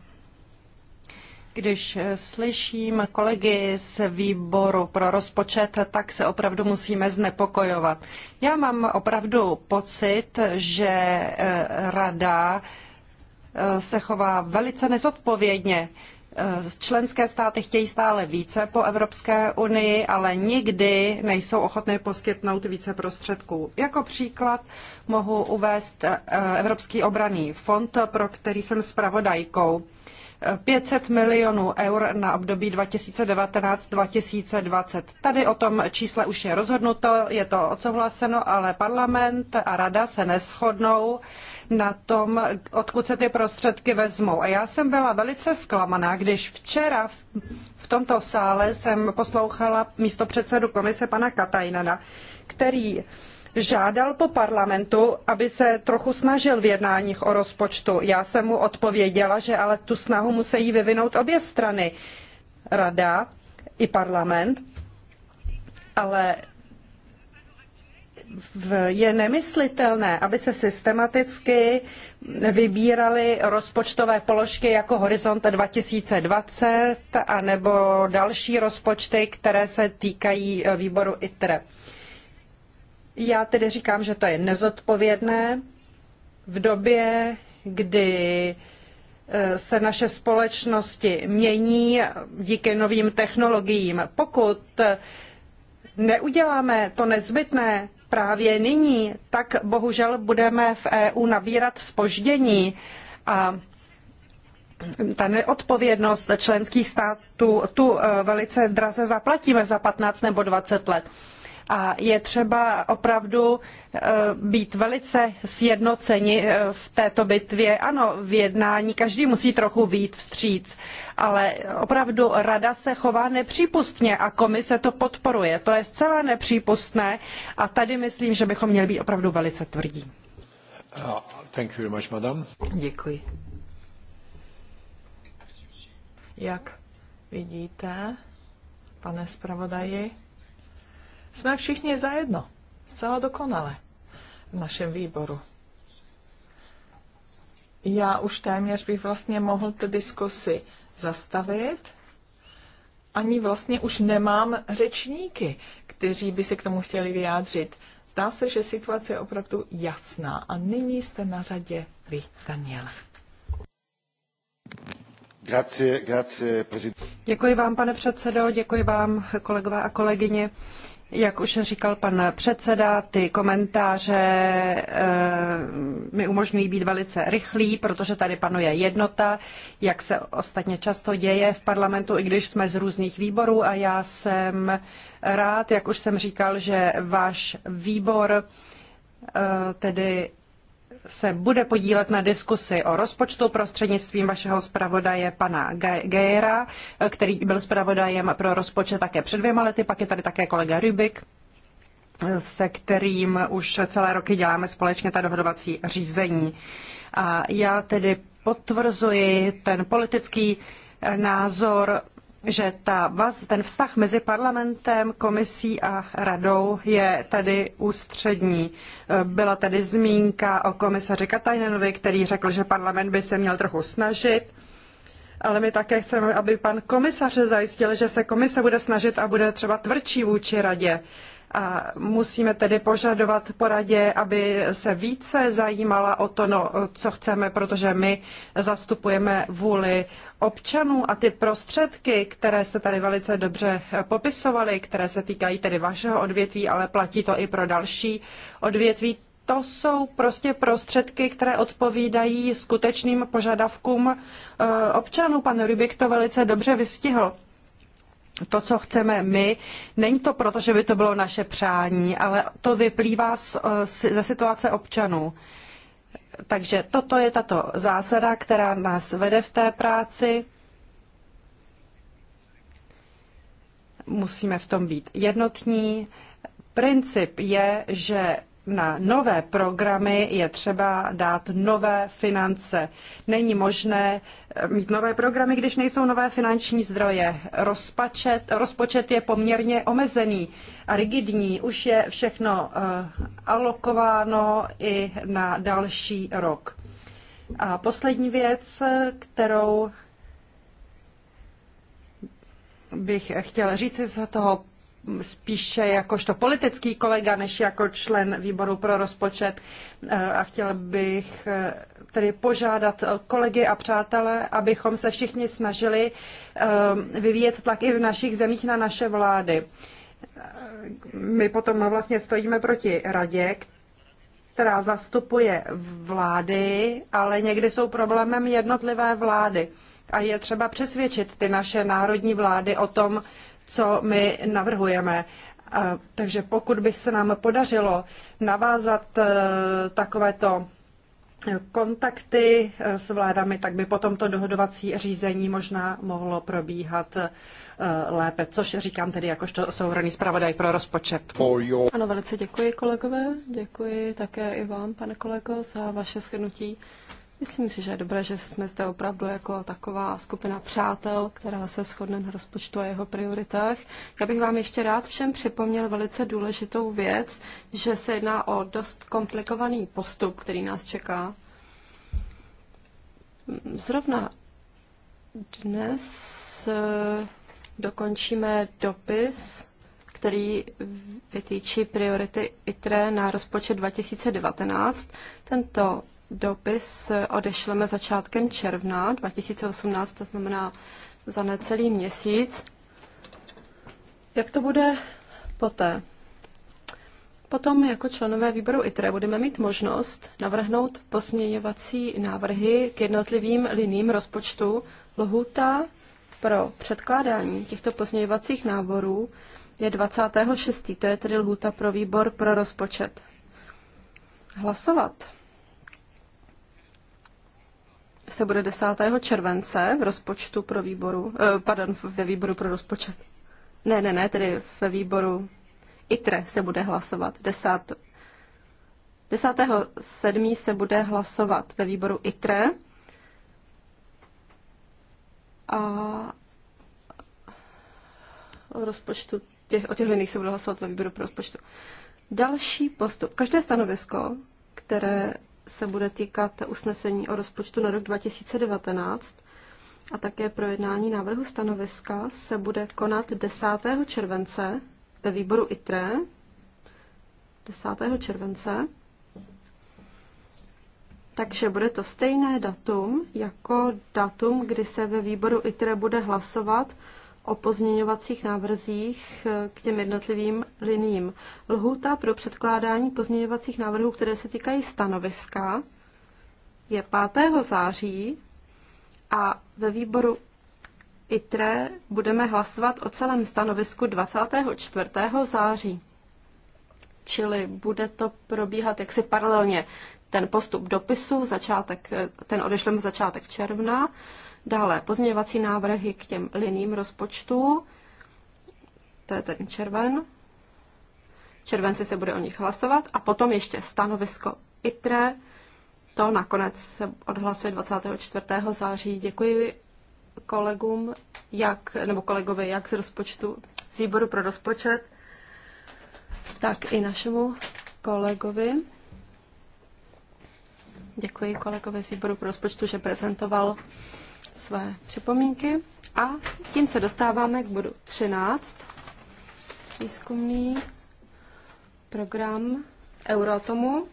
Když eh, slyším kolegy z výboru pro rozpočet, tak se opravdu musíme znepokojovat. Já mám opravdu pocit, že eh, rada eh, se chová velice nezodpovědně. Eh, členské státy chtějí stále více po Evropské unii, ale nikdy nejsou ochotné poskytnout více prostředků. Jako příklad mohu uvést eh, Evropský obraný fond, pro který jsem zpravodajkou. 500 eh, milionů eur na období 2019-2020. Tady o tom čísle už je rozhodnuto, je to odsouhlaseno, ale parlament a rada se neschodnou na tom, odkud se ty prostředky vezmou. A já jsem byla velice zklamaná, když včera v tomto sále jsem poslouchala místo předsedu komise pana Katajnana, který žádal po parlamentu, aby se trochu snažil v jednáních o rozpočtu. Já jsem mu odpověděla, že ale tu snahu musí vyvinout obě strany. Rada i parlament. Ale je nemyslitelné, aby se systematicky vybíraly rozpočtové položky jako Horizont 2020 a nebo další rozpočty, které se týkají eh, výboru ITRE. Já tedy říkám, že to je nezodpovědné v době, kdy eh, se naše společnosti mění díky novým technologiím. Pokud eh, neuděláme to nezbytné, právě nyní, tak bohužel budeme v EU nabírat spoždění a ta neodpovědnost členských států tu eh, velice draze zaplatíme za 15 nebo 20 let. A je třeba opravdu eh, být velice sjednoceni eh, v této bitvě. Ano, v jednání každý musí trochu výjít vstříc, ale opravdu rada se chová nepřípustně a komise to podporuje. To je zcela nepřípustné a tady myslím, že bychom měli být opravdu velice tvrdí. Uh, thank you very much, madam. Děkuji. Jak vidíte, pane zpravodaji, jsme všichni zajedno, zcela dokonale v našem výboru. Já už téměř bych vlastně mohl ty diskusy zastavit. Ani vlastně už nemám řečníky, kteří by se k tomu chtěli vyjádřit. Zdá se, že situace je opravdu jasná. A nyní jste na řadě vy, Daniele. Děkuji vám, pane předsedo, děkuji vám, kolegové a kolegyně. Jak už říkal pan předseda, ty komentáře e, mi umožňují být velice rychlý, protože tady panuje jednota, jak se ostatně často děje v parlamentu, i když jsme z různých výborů a já jsem rád, jak už jsem říkal, že váš výbor e, tedy se bude podílet na diskusi o rozpočtu prostřednictvím vašeho zpravodaje pana Gejera, který byl zpravodajem pro rozpočet také před dvěma lety. Pak je tady také kolega Rybik, se kterým už celé roky děláme společně ta dohodovací řízení. A já tedy potvrzuji ten politický názor že ta vaz, ten vztah mezi parlamentem, komisí a radou je tady ústřední. Byla tady zmínka o komisaři Katajnenovi, který řekl, že parlament by se měl trochu snažit, ale my také chceme, aby pan komisař zajistil, že se komise bude snažit a bude třeba tvrdší vůči radě. A musíme tedy požadovat poradě, aby se více zajímala o to, no, co chceme, protože my zastupujeme vůli občanů a ty prostředky, které jste tady velice dobře popisovali, které se týkají tedy vašeho odvětví, ale platí to i pro další odvětví, to jsou prostě prostředky, které odpovídají skutečným požadavkům eh, občanů. Pan Rybik to velice dobře vystihl to, co chceme my, není to proto, že by to bylo naše přání, ale to vyplývá z, eh, ze situace občanů. Takže toto je tato zásada, která nás vede v té práci. Musíme v tom být jednotní. Princip je, že na nové programy je třeba dát nové finance. Není možné eh, mít nové programy, když nejsou nové finanční zdroje. Rozpočet, rozpočet je poměrně omezený a rigidní. Už je všechno eh, alokováno i na další rok. A poslední věc, kterou bych chtěla říct z toho spíše jakožto politický kolega, než jako člen výboru pro rozpočet. Eh, a chtěl bych eh, tedy požádat kolegy a přátelé, abychom se všichni snažili eh, vyvíjet tlak i v našich zemích na naše vlády. My potom vlastně stojíme proti radě, která zastupuje vlády, ale někdy jsou problémem jednotlivé vlády. A je třeba přesvědčit ty naše národní vlády o tom, co my navrhujeme. A, takže pokud by se nám podařilo navázat e, takovéto kontakty e, s vládami, tak by potom to dohodovací řízení možná mohlo probíhat e, lépe, což říkám tedy jakožto souhraný zpravodaj pro rozpočet. Ano, velice děkuji kolegové, děkuji také i vám, pane kolego, za vaše shrnutí Myslím si, že je dobré, že jsme zde opravdu jako taková skupina přátel, která se shodne na rozpočtu a jeho prioritách. Já bych vám ještě rád všem připomněl velice důležitou věc, že se jedná o dost komplikovaný postup, který nás čeká. Zrovna dnes eh, dokončíme dopis, který vytýčí priority ITRE na rozpočet 2019. Tento Dopis odešleme začátkem června 2018, to znamená za necelý měsíc. Jak to bude poté? Potom jako členové výboru ITRE budeme mít možnost navrhnout posměňovací návrhy k jednotlivým liním rozpočtu. Lhůta pro předkládání těchto posměňovacích návorů je 26. To je tedy lhůta pro výbor pro rozpočet. Hlasovat se bude 10. července v rozpočtu pro výboru, eh, pardon, ve výboru pro rozpočet. Ne, ne, ne, tedy ve výboru ITRE se bude hlasovat 10. 10. 7. se bude hlasovat ve výboru ITRE a o rozpočtu těch, o těch liních se bude hlasovat ve výboru pro rozpočtu. Další postup. Každé stanovisko, které se bude týkat usnesení o rozpočtu na rok 2019 a také projednání návrhu stanoviska se bude konat 10. července ve výboru ITRE 10. července. Takže bude to stejné datum jako datum, kdy se ve výboru ITRE bude hlasovat o pozměňovacích návrzích eh, k těm jednotlivým liním. Lhůta pro předkládání pozměňovacích návrhů, které se týkají stanoviska, je 5. září a ve výboru ITRE budeme hlasovat o celém stanovisku 24. září. Čili bude to probíhat jaksi paralelně ten postup dopisu, začátek, eh, ten odešleme začátek června Dále pozměňovací návrhy k těm liním rozpočtu. To je ten červen. V červenci se bude o nich hlasovat. A potom ještě stanovisko ITRE. To nakonec se odhlasuje 24. září. Děkuji kolegům, jak, nebo kolegovi, jak z rozpočtu, z výboru pro rozpočet, tak i našemu kolegovi. Děkuji kolegovi z výboru pro rozpočtu, že prezentoval své připomínky. A tím se dostáváme k bodu 13. Výzkumný program Euroatomu.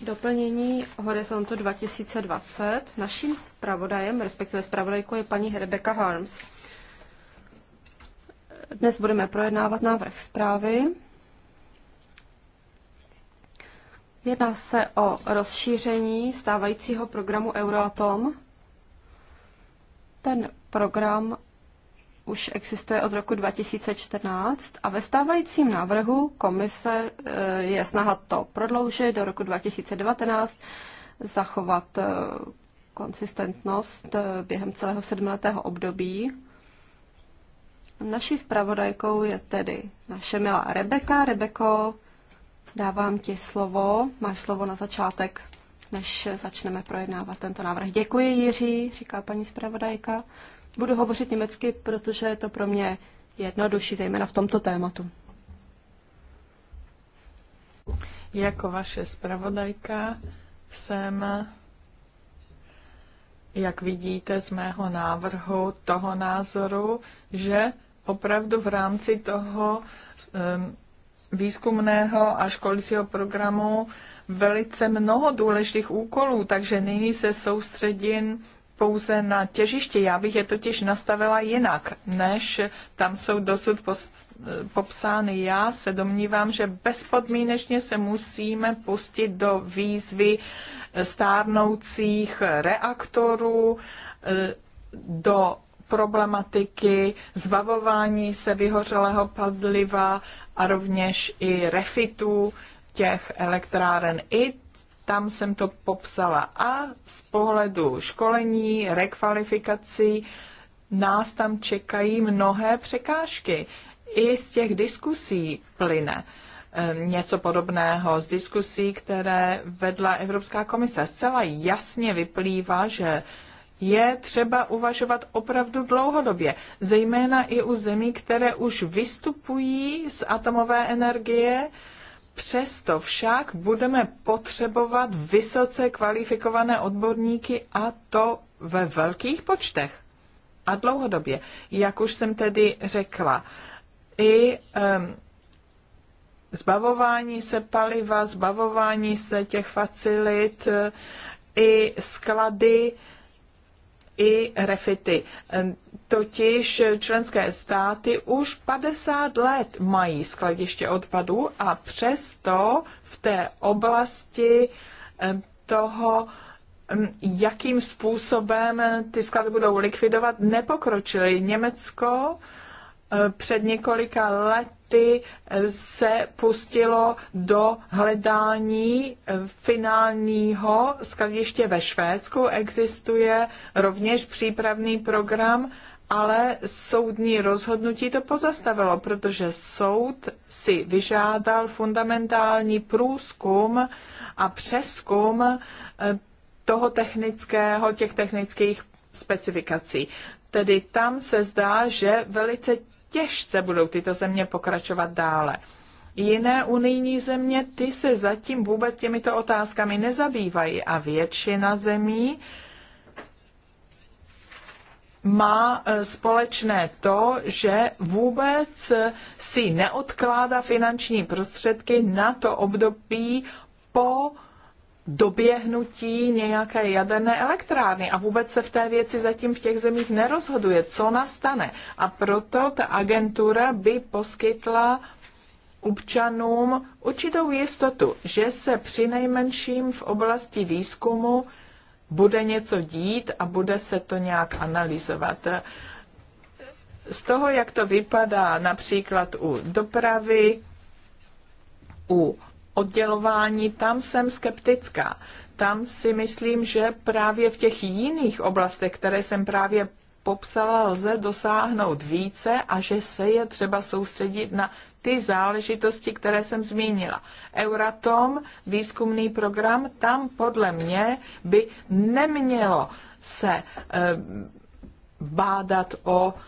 Doplnění Horizontu 2020. Naším zpravodajem, respektive zpravodajkou, je paní Rebecca Harms. Dnes budeme projednávat návrh zprávy. Jedná se o rozšíření stávajícího programu Euroatom ten program už existuje od roku 2014 a ve stávajícím návrhu komise eh, je snaha to prodloužit do roku 2019, zachovat eh, konsistentnost eh, během celého sedmiletého období. Naší zpravodajkou je tedy naše milá Rebeka. Rebeko, dávám ti slovo. Máš slovo na začátek než začneme projednávat tento návrh. Děkuji, Jiří, říká paní zpravodajka. Budu hovořit německy, protože je to pro mě jednodušší, zejména v tomto tématu. Jako vaše zpravodajka jsem, jak vidíte z mého návrhu, toho názoru, že opravdu v rámci toho ehm, výzkumného a školského programu velice mnoho důležitých úkolů, takže nyní se soustředím pouze na těžiště. Já bych je totiž nastavila jinak, než tam jsou dosud popsány. Já se domnívám, že bezpodmínečně se musíme pustit do výzvy eh, stárnoucích reaktorů, eh, do problematiky zbavování se vyhořelého padliva a rovněž i refitů těch elektráren. I tam jsem to popsala. A z pohledu školení, rekvalifikací, nás tam čekají mnohé překážky. I z těch diskusí plyne eh, něco podobného z diskusí, které vedla Evropská komise. Zcela jasně vyplývá, že je třeba uvažovat opravdu dlouhodobě, zejména i u zemí, které už vystupují z atomové energie, Přesto však budeme potřebovat vysoce kvalifikované odborníky a to ve velkých počtech a dlouhodobě. Jak už jsem tedy řekla, i um, zbavování se paliva, zbavování se těch facilit, i sklady, i refity. Totiž členské státy už 50 let mají skladiště odpadů a přesto v té oblasti toho, jakým způsobem ty sklady budou likvidovat, nepokročili. Německo eh, před několika lety City se pustilo do hledání finálního skladiště ve Švédsku. Existuje rovněž přípravný program, ale soudní rozhodnutí to pozastavilo, protože soud si vyžádal fundamentální průzkum a přeskum eh, toho technického, těch technických specifikací. Tedy tam se zdá, že velice těžce budou tyto země pokračovat dále. Jiné unijní země, ty se zatím vůbec těmito otázkami nezabývají a většina zemí má e, společné to, že vůbec e, si neodkládá finanční prostředky na to období po doběhnutí nějaké jaderné elektrárny a vůbec se v té věci zatím v těch zemích nerozhoduje, co nastane. A proto ta agentura by poskytla občanům určitou jistotu, že se při nejmenším v oblasti výzkumu bude něco dít a bude se to nějak analyzovat. Z toho, jak to vypadá například u dopravy, u oddělování, tam jsem skeptická. Tam si myslím, že právě v těch jiných oblastech, které jsem právě popsala, lze dosáhnout více a že se je třeba soustředit na ty záležitosti, které jsem zmínila. Euratom, výzkumný program, tam podle mě by nemělo se e, bádat o e,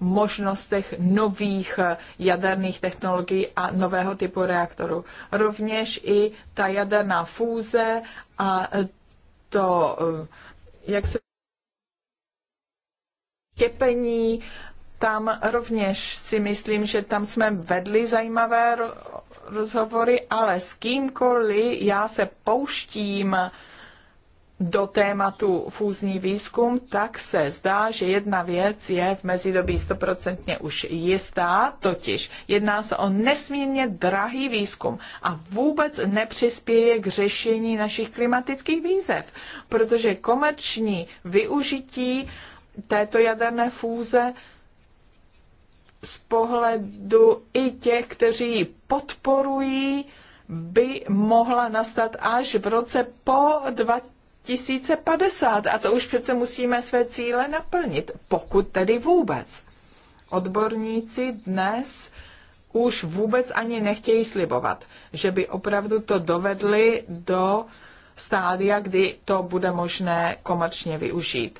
možnostech nových eh, jaderných technologií a nového typu reaktoru. Rovněž i ta jaderná fúze a eh, to, eh, jak se těpení, tam rovněž si myslím, že tam jsme vedli zajímavé rozhovory, ale s kýmkoliv já se pouštím do tématu fúzní výzkum, tak se zdá, že jedna věc je v mezidobí stoprocentně už jistá, totiž jedná se o nesmírně drahý výzkum a vůbec nepřispěje k řešení našich klimatických výzev, protože komerční využití této jaderné fúze z pohledu i těch, kteří ji podporují, by mohla nastat až v roce po 2000 2050 a to už přece musíme své cíle naplnit, pokud tedy vůbec. Odborníci dnes už vůbec ani nechtějí slibovat, že by opravdu to dovedli do stádia, kdy to bude možné komerčně využít.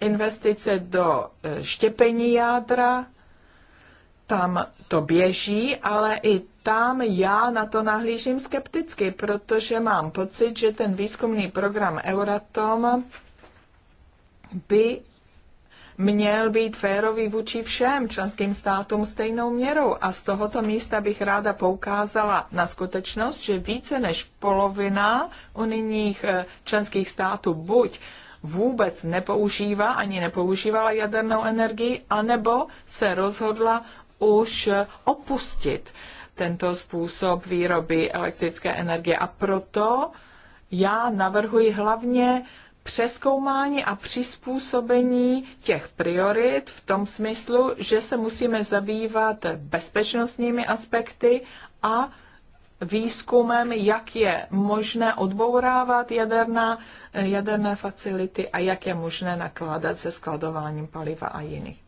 Investice do e, štěpení jádra, tam to běží, ale i tam já na to nahlížím skepticky, protože mám pocit, že ten výzkumný program Euratom by měl být férový vůči všem členským státům stejnou měrou. A z tohoto místa bych ráda poukázala na skutečnost, že více než polovina unijních eh, členských států buď vůbec nepoužívá ani nepoužívala jadernou energii, anebo se rozhodla už eh, opustit tento způsob výroby elektrické energie. A proto já navrhuji hlavně přeskoumání a přizpůsobení těch priorit v tom smyslu, že se musíme zabývat bezpečnostními aspekty a výzkumem, jak je možné odbourávat jaderná, jaderné facility a jak je možné nakládat se skladováním paliva a jiných.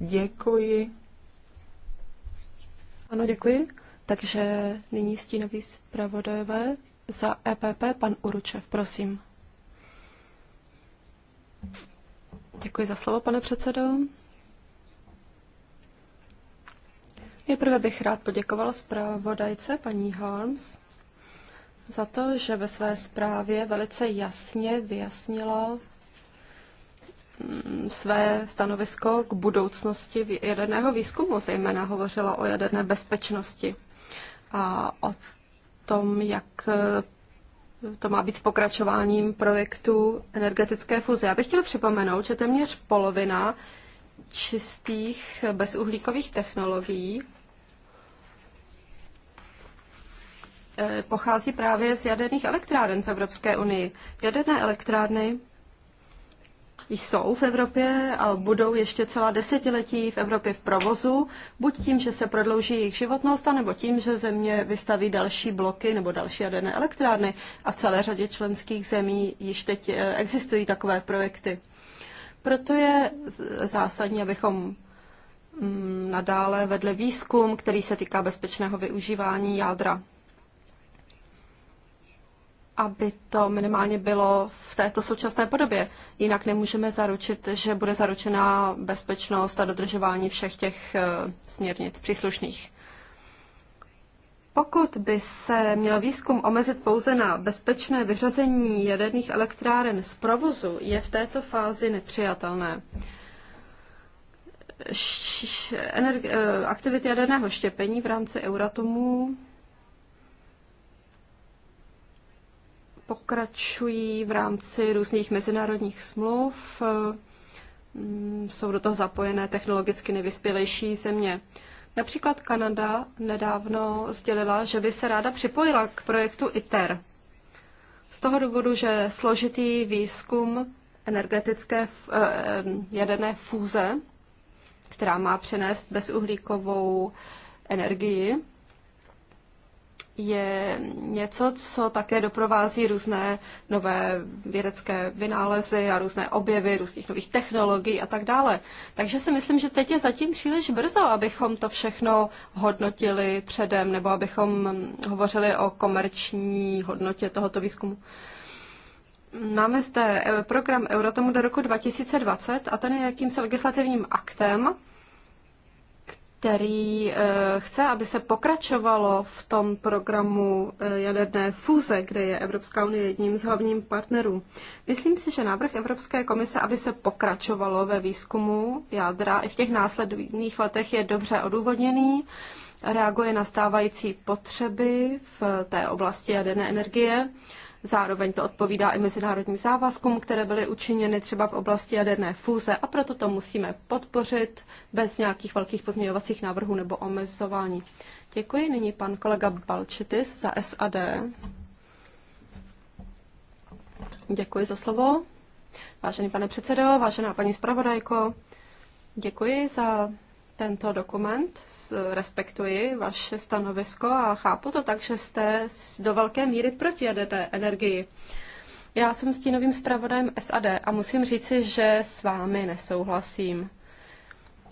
Děkuji. Ano, děkuji. Takže nyní stínový zpravodajové za EPP, pan Uručev, prosím. Děkuji za slovo, pane předsedo. Nejprve bych rád poděkoval zpravodajce paní Harms za to, že ve své zprávě velice jasně vyjasnila mm, své stanovisko k budoucnosti jaderného výzkumu, zejména hovořila o jaderné bezpečnosti a o tom, jak eh, to má být s pokračováním projektu energetické fuze. Já bych chtěla připomenout, že téměř polovina čistých bezuhlíkových technologií eh, pochází právě z jaderných elektráren v Evropské unii. Jaderné elektrárny jsou v Evropě a budou ještě celá desetiletí v Evropě v provozu, buď tím, že se prodlouží jejich životnost, nebo tím, že země vystaví další bloky nebo další jaderné elektrárny. A v celé řadě členských zemí již teď eh, existují takové projekty. Proto je zásadní, abychom mm, nadále vedle výzkum, který se týká bezpečného využívání jádra aby to minimálně bylo v této současné podobě. Jinak nemůžeme zaručit, že bude zaručena bezpečnost a dodržování všech těch eh, směrnic příslušných. Pokud by se měl výzkum omezit pouze na bezpečné vyřazení jaderných elektráren z provozu, je v této fázi nepřijatelné. Eh, aktivity jaderného štěpení v rámci Euratomu pokračují v rámci různých mezinárodních smluv. Mm, jsou do toho zapojené technologicky nevyspělejší země. Například Kanada nedávno sdělila, že by se ráda připojila k projektu ITER. Z toho důvodu, že složitý výzkum energetické eh, eh, jaderné fúze, která má přenést bezuhlíkovou energii, je něco, co také doprovází různé nové vědecké vynálezy a různé objevy různých nových technologií a tak dále. Takže si myslím, že teď je zatím příliš brzo, abychom to všechno hodnotili předem nebo abychom hovořili o komerční hodnotě tohoto výzkumu. Máme zde eh, program Eurotomu do roku 2020 a ten je jakýmsi legislativním aktem, který eh, chce, aby se pokračovalo v tom programu eh, jaderné fúze, kde je Evropská unie jedním z hlavním partnerů. Myslím si, že návrh Evropské komise, aby se pokračovalo ve výzkumu jádra i v těch následujících letech je dobře odůvodněný, reaguje na stávající potřeby v té oblasti jaderné energie Zároveň to odpovídá i mezinárodním závazkům, které byly učiněny třeba v oblasti jaderné fúze a proto to musíme podpořit bez nějakých velkých pozměňovacích návrhů nebo omezování. Děkuji. Nyní pan kolega Balčitis za SAD. Děkuji za slovo. Vážený pane předsedo, vážená paní zpravodajko, děkuji za tento dokument, respektuji vaše stanovisko a chápu to tak, že jste do velké míry proti jaderné energii. Já jsem stínovým zpravodajem SAD a musím říci, že s vámi nesouhlasím.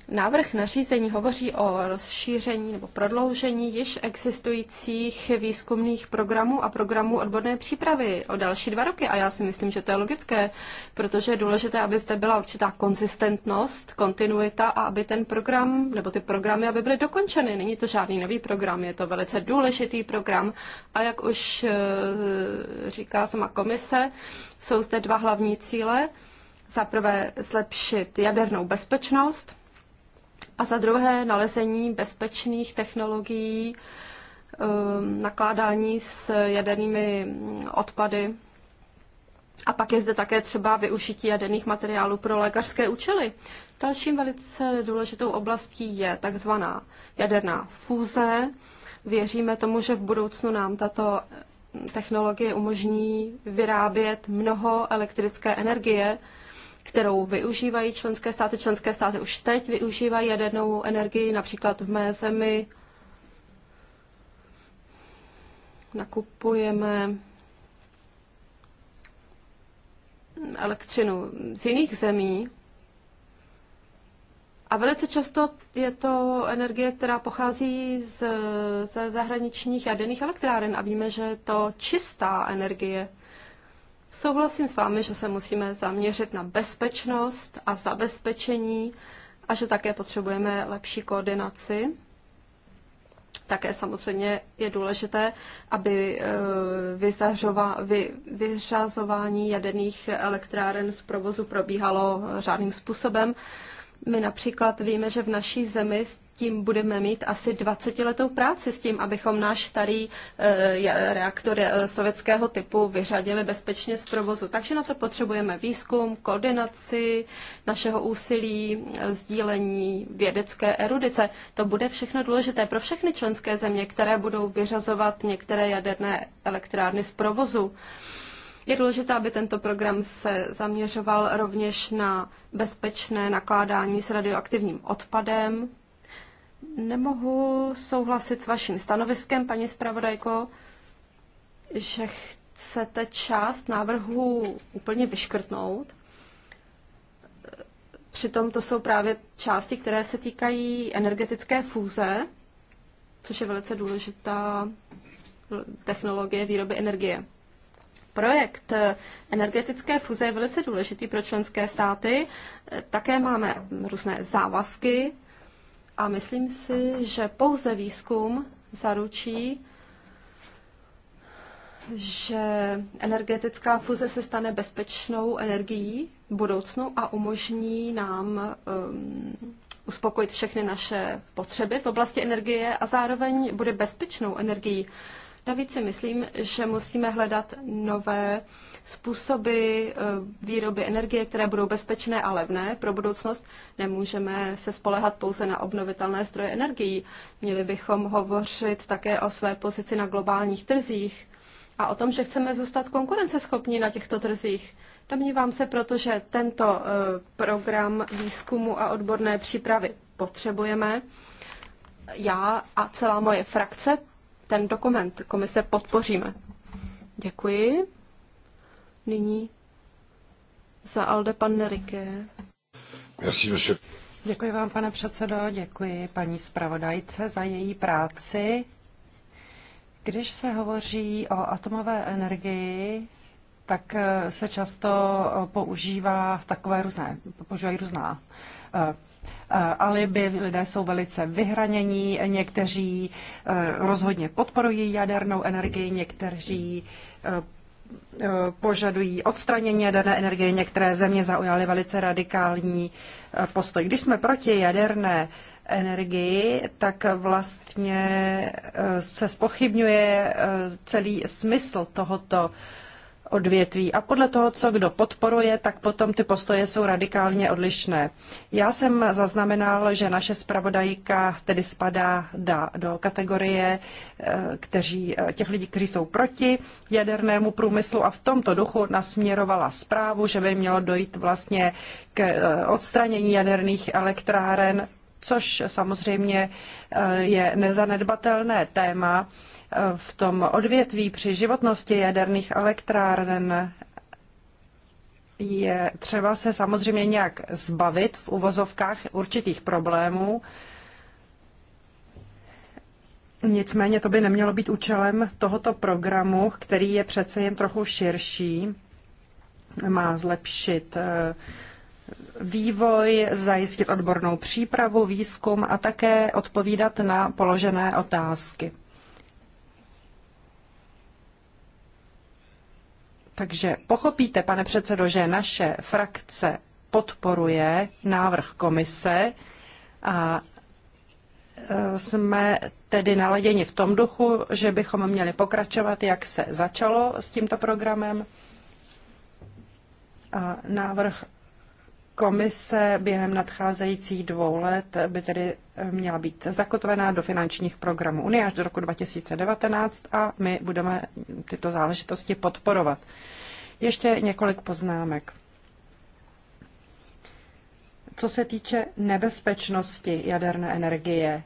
Návrh nařízení hovoří o rozšíření nebo prodloužení již existujících výzkumných programů a programů odborné přípravy o další dva roky. A já si myslím, že to je logické, protože je důležité, aby zde byla určitá konzistentnost, kontinuita a aby ten program nebo ty programy aby byly dokončeny. Není to žádný nový program, je to velice důležitý program. A jak už eh, říká sama komise, jsou zde dva hlavní cíle. Za prvé zlepšit jadernou bezpečnost, a za druhé nalezení bezpečných technologií um, nakládání s jadernými odpady. A pak je zde také třeba využití jaderných materiálů pro lékařské účely. Dalším velice důležitou oblastí je takzvaná jaderná fúze. Věříme tomu, že v budoucnu nám tato technologie umožní vyrábět mnoho elektrické energie, kterou využívají členské státy. Členské státy už teď využívají jadernou energii, například v mé zemi nakupujeme elektřinu z jiných zemí. A velice často je to energie, která pochází z, ze zahraničních jaderných elektráren a víme, že to čistá energie. Souhlasím s vámi, že se musíme zaměřit na bezpečnost a zabezpečení a že také potřebujeme lepší koordinaci. Také samozřejmě je důležité, aby e, vyzařova, vy, vyřazování jaderných elektráren z provozu probíhalo řádným způsobem. My například víme, že v naší zemi tím budeme mít asi 20-letou práci s tím, abychom náš starý e, reaktor eh, sovětského typu vyřadili bezpečně z provozu. Takže na to potřebujeme výzkum, koordinaci našeho úsilí, eh, sdílení vědecké erudice. To bude všechno důležité pro všechny členské země, které budou vyřazovat některé jaderné elektrárny z provozu. Je důležité, aby tento program se zaměřoval rovněž na bezpečné nakládání s radioaktivním odpadem, nemohu souhlasit s vaším stanoviskem, paní zpravodajko, že chcete část návrhu úplně vyškrtnout. Přitom to jsou právě části, které se týkají energetické fúze, což je velice důležitá technologie výroby energie. Projekt energetické fuze je velice důležitý pro členské státy. Také máme různé závazky a myslím si, že pouze výzkum zaručí, že energetická fuze se stane bezpečnou energií v budoucnu a umožní nám um, uspokojit všechny naše potřeby v oblasti energie a zároveň bude bezpečnou energií. Navíc si myslím, že musíme hledat nové uh, způsoby eh, výroby energie, které budou bezpečné a levné pro budoucnost. Nemůžeme se spolehat pouze na obnovitelné stroje energií. Měli bychom hovořit také o své pozici na globálních trzích a o tom, že chceme zůstat konkurenceschopní na těchto trzích. Domnívám se, protože tento eh, program výzkumu a odborné přípravy potřebujeme. Já a celá moje frakce ten dokument komise podpoříme. Děkuji. Nyní za Alde pan Nerike. Merci, monsieur. Děkuji vám, pane předsedo, děkuji paní zpravodajce za její práci. Když se hovoří o atomové energii, tak eh, se často eh, používá takové různé, používají různá eh, alibi, lidé jsou velice vyhranění, někteří rozhodně podporují jadernou energii, někteří Eh, požadují odstranění jaderné energie. Některé země zaujaly velice radikální eh, postoj. Když jsme proti jaderné energii, tak vlastně eh, se spochybňuje celý smysl tohoto odvětví. A podle toho, co kdo podporuje, tak potom ty postoje jsou radikálně odlišné. Já jsem zaznamenal, že naše zpravodajka tedy spadá do kategorie eh, kteří, eh, těch lidí, kteří jsou proti jadernému průmyslu a v tomto duchu nasměrovala zprávu, že by mělo dojít vlastně k eh, odstranění jaderných elektráren což samozřejmě eh, je nezanedbatelné téma eh, v tom odvětví při životnosti jaderných elektráren je třeba se samozřejmě nějak zbavit v uvozovkách určitých problémů. Nicméně to by nemělo být účelem tohoto programu, který je přece jen trochu širší, má zlepšit eh, vývoj, zajistit odbornou přípravu, výzkum a také odpovídat na položené otázky. Takže pochopíte, pane předsedo, že naše frakce podporuje návrh komise a e, jsme tedy naladěni v tom duchu, že bychom měli pokračovat, jak se začalo s tímto programem. A návrh Komise během nadcházejících dvou let by tedy eh, měla být zakotvená do finančních programů Unie až do roku 2019 a my budeme tyto záležitosti podporovat. Ještě několik poznámek. Co se týče nebezpečnosti jaderné energie,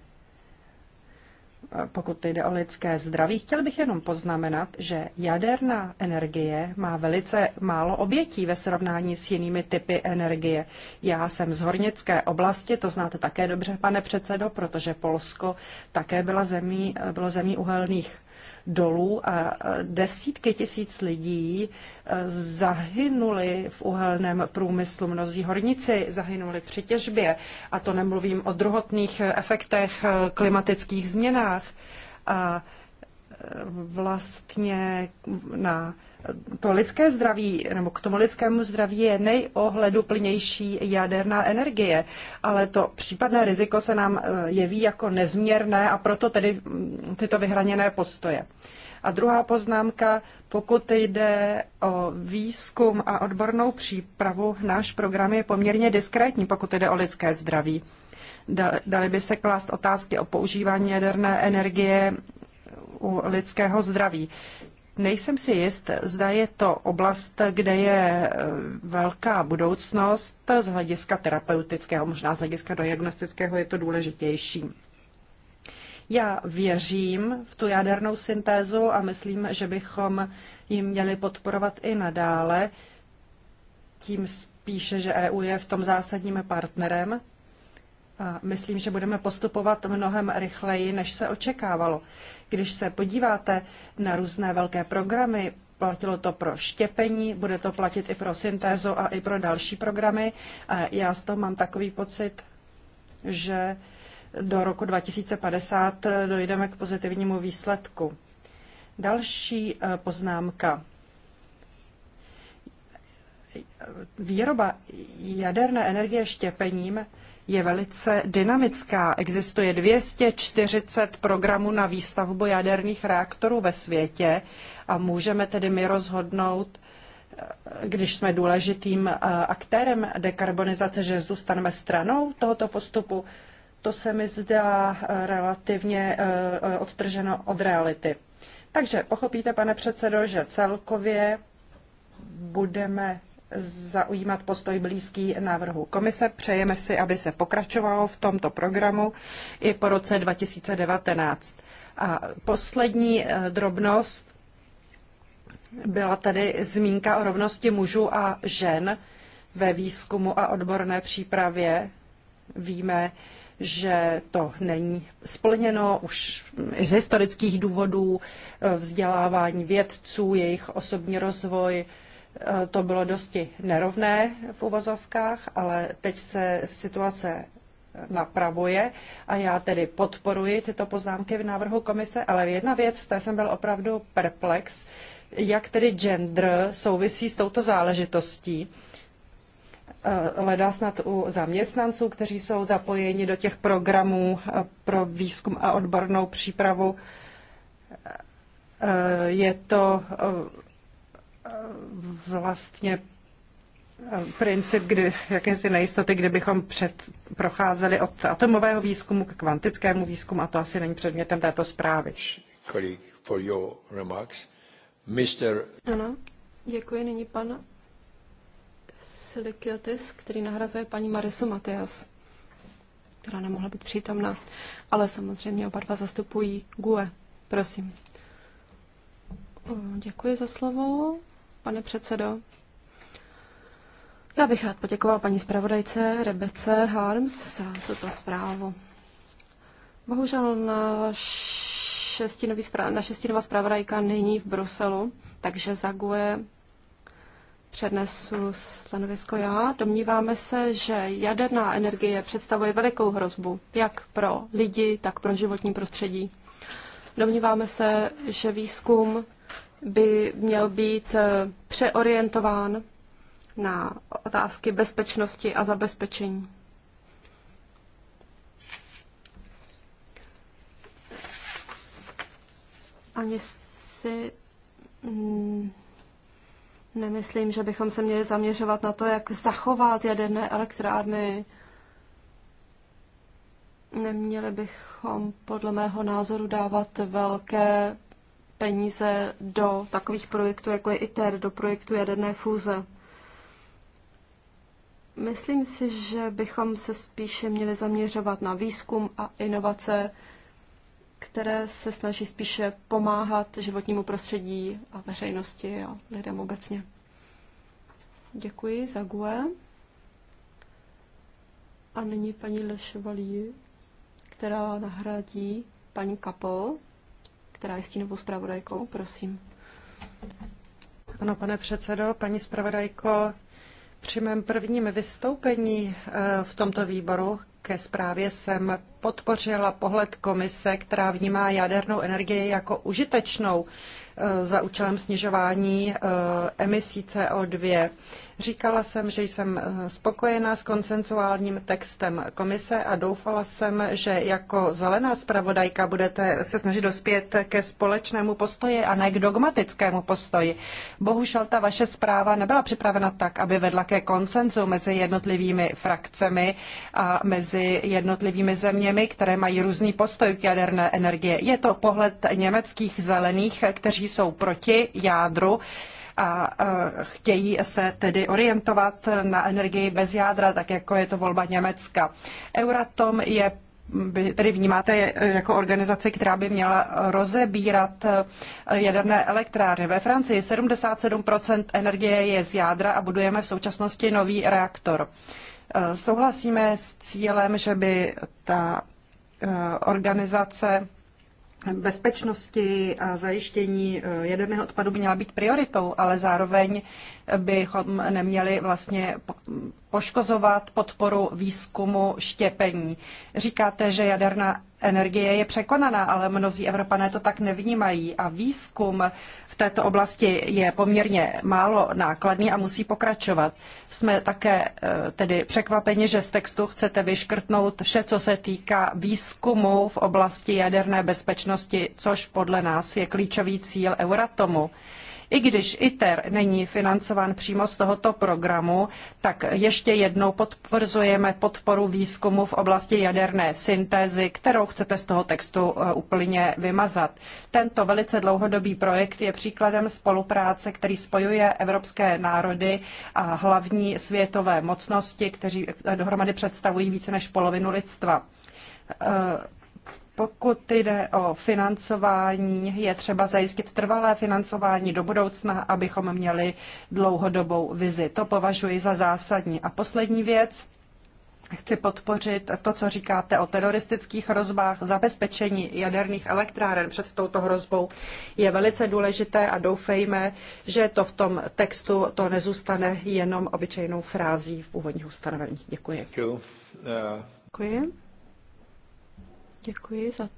pokud jde o lidské zdraví. Chtěl bych jenom poznamenat, že jaderná energie má velice málo obětí ve srovnání s jinými typy energie. Já jsem z hornické oblasti, to znáte také dobře, pane předsedo, protože Polsko také byla zemí, bylo zemí uhelných dolů a desítky tisíc lidí e, zahynuli v uhelném průmyslu. Mnozí horníci zahynuli při těžbě a to nemluvím o druhotných efektech e, klimatických změnách. A e, vlastně na to lidské zdraví, nebo k tomu lidskému zdraví je nejohleduplnější jaderná energie, ale to případné riziko se nám eh, jeví jako nezměrné a proto tedy mm, tyto vyhraněné postoje. A druhá poznámka, pokud jde o výzkum a odbornou přípravu, náš program je poměrně diskrétní, pokud jde o lidské zdraví. Dali by se klást otázky o používání jaderné energie u lidského zdraví. Nejsem si jist, zda je to oblast, kde je eh, velká budoucnost z hlediska terapeutického, možná z hlediska diagnostického je to důležitější. Já věřím v tu jadernou syntézu a myslím, že bychom ji měli podporovat i nadále, tím spíše, že EU je v tom zásadním partnerem myslím, že budeme postupovat mnohem rychleji, než se očekávalo. Když se podíváte na různé velké programy, platilo to pro štěpení, bude to platit i pro syntézu a i pro další programy. A já z toho mám takový pocit, že do roku 2050 dojdeme k pozitivnímu výsledku. Další e, poznámka. Výroba jaderné energie štěpením je velice dynamická. Existuje 240 programů na výstavbu jaderných reaktorů ve světě a můžeme tedy my rozhodnout, když jsme důležitým eh, aktérem dekarbonizace, že zůstaneme stranou tohoto postupu. To se mi zdá eh, relativně eh, odtrženo od reality. Takže pochopíte, pane předsedo, že celkově budeme zaujímat postoj blízký návrhu komise. Přejeme si, aby se pokračovalo v tomto programu i po roce 2019. A poslední eh, drobnost byla tady zmínka o rovnosti mužů a žen ve výzkumu a odborné přípravě. Víme, že to není splněno už z historických důvodů eh, vzdělávání vědců, jejich osobní rozvoj, Eh, to bylo dosti nerovné v uvozovkách, ale teď se situace napravuje a já tedy podporuji tyto poznámky v návrhu komise, ale jedna věc, té jsem byl opravdu perplex, jak tedy gender souvisí s touto záležitostí. Eh, Leda snad u zaměstnanců, kteří jsou zapojeni do těch programů eh, pro výzkum a odbornou přípravu. Je to vlastně eh, princip kdy, jakési nejistoty, kdybychom před, procházeli od atomového výzkumu k kvantickému výzkumu, a to asi není předmětem této zprávy. For your remarks. Mister... Ano, děkuji. Nyní pan Silikiotis, který nahrazuje paní Marisu Matias, která nemohla být přítomna, ale samozřejmě oba dva zastupují GUE. Prosím. Děkuji za slovo pane předsedo. Já bych rád poděkoval paní zpravodajce Rebece Harms za tuto zprávu. Bohužel na na šestinová zpravodajka není v Bruselu, takže gue přednesu stanovisko já. Domníváme se, že jaderná energie představuje velikou hrozbu, jak pro lidi, tak pro životní prostředí. Domníváme se, že výzkum by měl být eh, přeorientován na otázky bezpečnosti a zabezpečení. Ani si mm, nemyslím, že bychom se měli zaměřovat na to, jak zachovat jaderné elektrárny. Neměli bychom podle mého názoru dávat velké peníze do takových projektů, jako je ITER, do projektu jaderné fúze. Myslím si, že bychom se spíše měli zaměřovat na výzkum a inovace, které se snaží spíše pomáhat životnímu prostředí a veřejnosti a lidem obecně. Děkuji za GUE. A nyní paní Lešovalí, která nahradí paní Kapol která je stínovou zpravodajkou. Prosím. Ano, pane předsedo, paní zpravodajko, při mém prvním vystoupení eh, v tomto výboru ke zprávě jsem podpořila pohled komise, která vnímá jadernou energii jako užitečnou Eh, za účelem snižování eh, emisí CO2. Říkala jsem, že jsem eh, spokojená s konsensuálním textem komise a doufala jsem, že jako zelená zpravodajka budete se snažit dospět ke společnému postoji a ne k dogmatickému postoji. Bohužel ta vaše zpráva nebyla připravena tak, aby vedla ke konsenzu mezi jednotlivými frakcemi a mezi jednotlivými zeměmi, které mají různý postoj k jaderné energie. Je to pohled německých zelených, kteří jsou proti jádru a chtějí se tedy orientovat na energii bez jádra, tak jako je to volba Německa. Euratom je vy tedy vnímáte e, jako organizaci, která by měla rozebírat e, jaderné elektrárny. Ve Francii 77% energie je z jádra a budujeme v současnosti nový reaktor. E, souhlasíme s cílem, že by ta organizace bezpečnosti a zajištění eh, jaderného odpadu by měla být prioritou, ale zároveň bychom neměli vlastně poškozovat podporu výzkumu štěpení. Říkáte, že jaderná energie je překonaná, ale mnozí Evropané to tak nevnímají a výzkum v této oblasti je poměrně málo nákladný a musí pokračovat. Jsme také eh, tedy překvapeni, že z textu chcete vyškrtnout vše, co se týká výzkumu v oblasti jaderné bezpečnosti, což podle nás je klíčový cíl Euratomu. I když ITER není financován přímo z tohoto programu, tak ještě jednou potvrzujeme podporu výzkumu v oblasti jaderné syntézy, kterou chcete z toho textu e, úplně vymazat. Tento velice dlouhodobý projekt je příkladem spolupráce, který spojuje evropské národy a hlavní světové mocnosti, kteří dohromady představují více než polovinu lidstva e, pokud jde o financování, je třeba zajistit trvalé financování do budoucna, abychom měli dlouhodobou vizi. To považuji za zásadní. A poslední věc, chci podpořit to, co říkáte o teroristických hrozbách, zabezpečení jaderných elektráren před touto hrozbou je velice důležité a doufejme, že to v tom textu to nezůstane jenom obyčejnou frází v úvodních ustanoveních. Děkuji. Uh, Děkuji. Děkuji za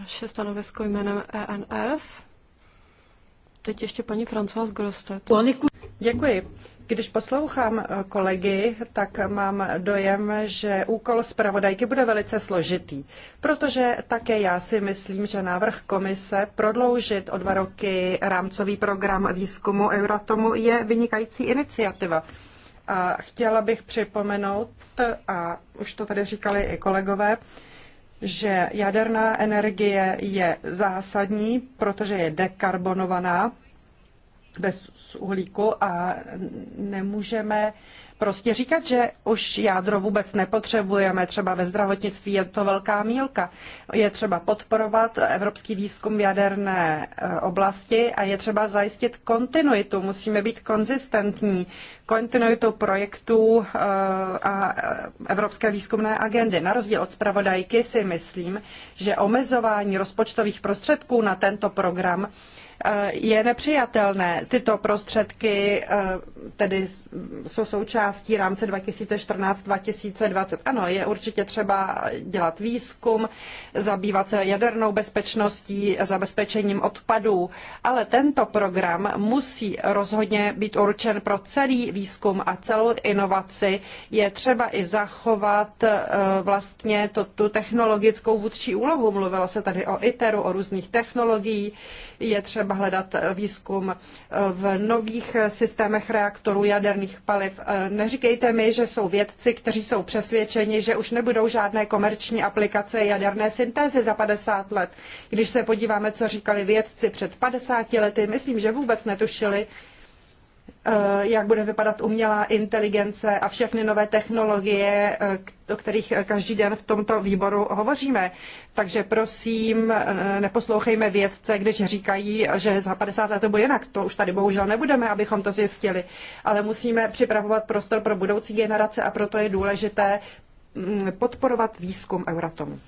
vaše stanovisko jménem ENF. Teď ještě paní Francois Grostet. Děkuji. Když poslouchám eh, kolegy, tak mám dojem, že úkol zpravodajky bude velice složitý, protože také já si myslím, že návrh komise prodloužit o dva roky rámcový program výzkumu Euratomu je vynikající iniciativa. A chtěla bych připomenout, a už to tady říkali i kolegové, že jaderná energie je zásadní, protože je dekarbonovaná bez uhlíku a nemůžeme Prostě říkat, že už jádro vůbec nepotřebujeme, třeba ve zdravotnictví je to velká mílka. Je třeba podporovat evropský výzkum v jaderné e, oblasti a je třeba zajistit kontinuitu. Musíme být konzistentní. Kontinuitu projektů e, a e, evropské výzkumné agendy. Na rozdíl od zpravodajky si myslím, že omezování rozpočtových prostředků na tento program je nepřijatelné. Tyto prostředky tedy jsou součástí součástí rámce 2014-2020. Ano, je určitě třeba dělat výzkum, zabývat se jadernou bezpečností, zabezpečením odpadů, ale tento program musí rozhodně být určen pro celý výzkum a celou inovaci. Je třeba i zachovat eh, vlastně to, tu technologickou vůdčí úlohu. Mluvilo se tady o ITERu, o různých technologií. Je třeba hledat výzkum eh, v nových eh, systémech reaktorů jaderných paliv, neříkejte mi, že jsou vědci, kteří jsou přesvědčeni, že už nebudou žádné komerční aplikace jaderné syntézy za 50 let. Když se podíváme, co říkali vědci před 50 lety, myslím, že vůbec netušili, Eh, jak bude vypadat umělá inteligence a všechny nové technologie, eh, o kterých eh, každý den v tomto výboru hovoříme. Takže prosím, neposlouchejme vědce, když říkají, že za 50 let to bude jinak. To už tady bohužel nebudeme, abychom to zjistili. Ale musíme připravovat prostor pro budoucí generace a proto je důležité mm, podporovat výzkum Euratomu.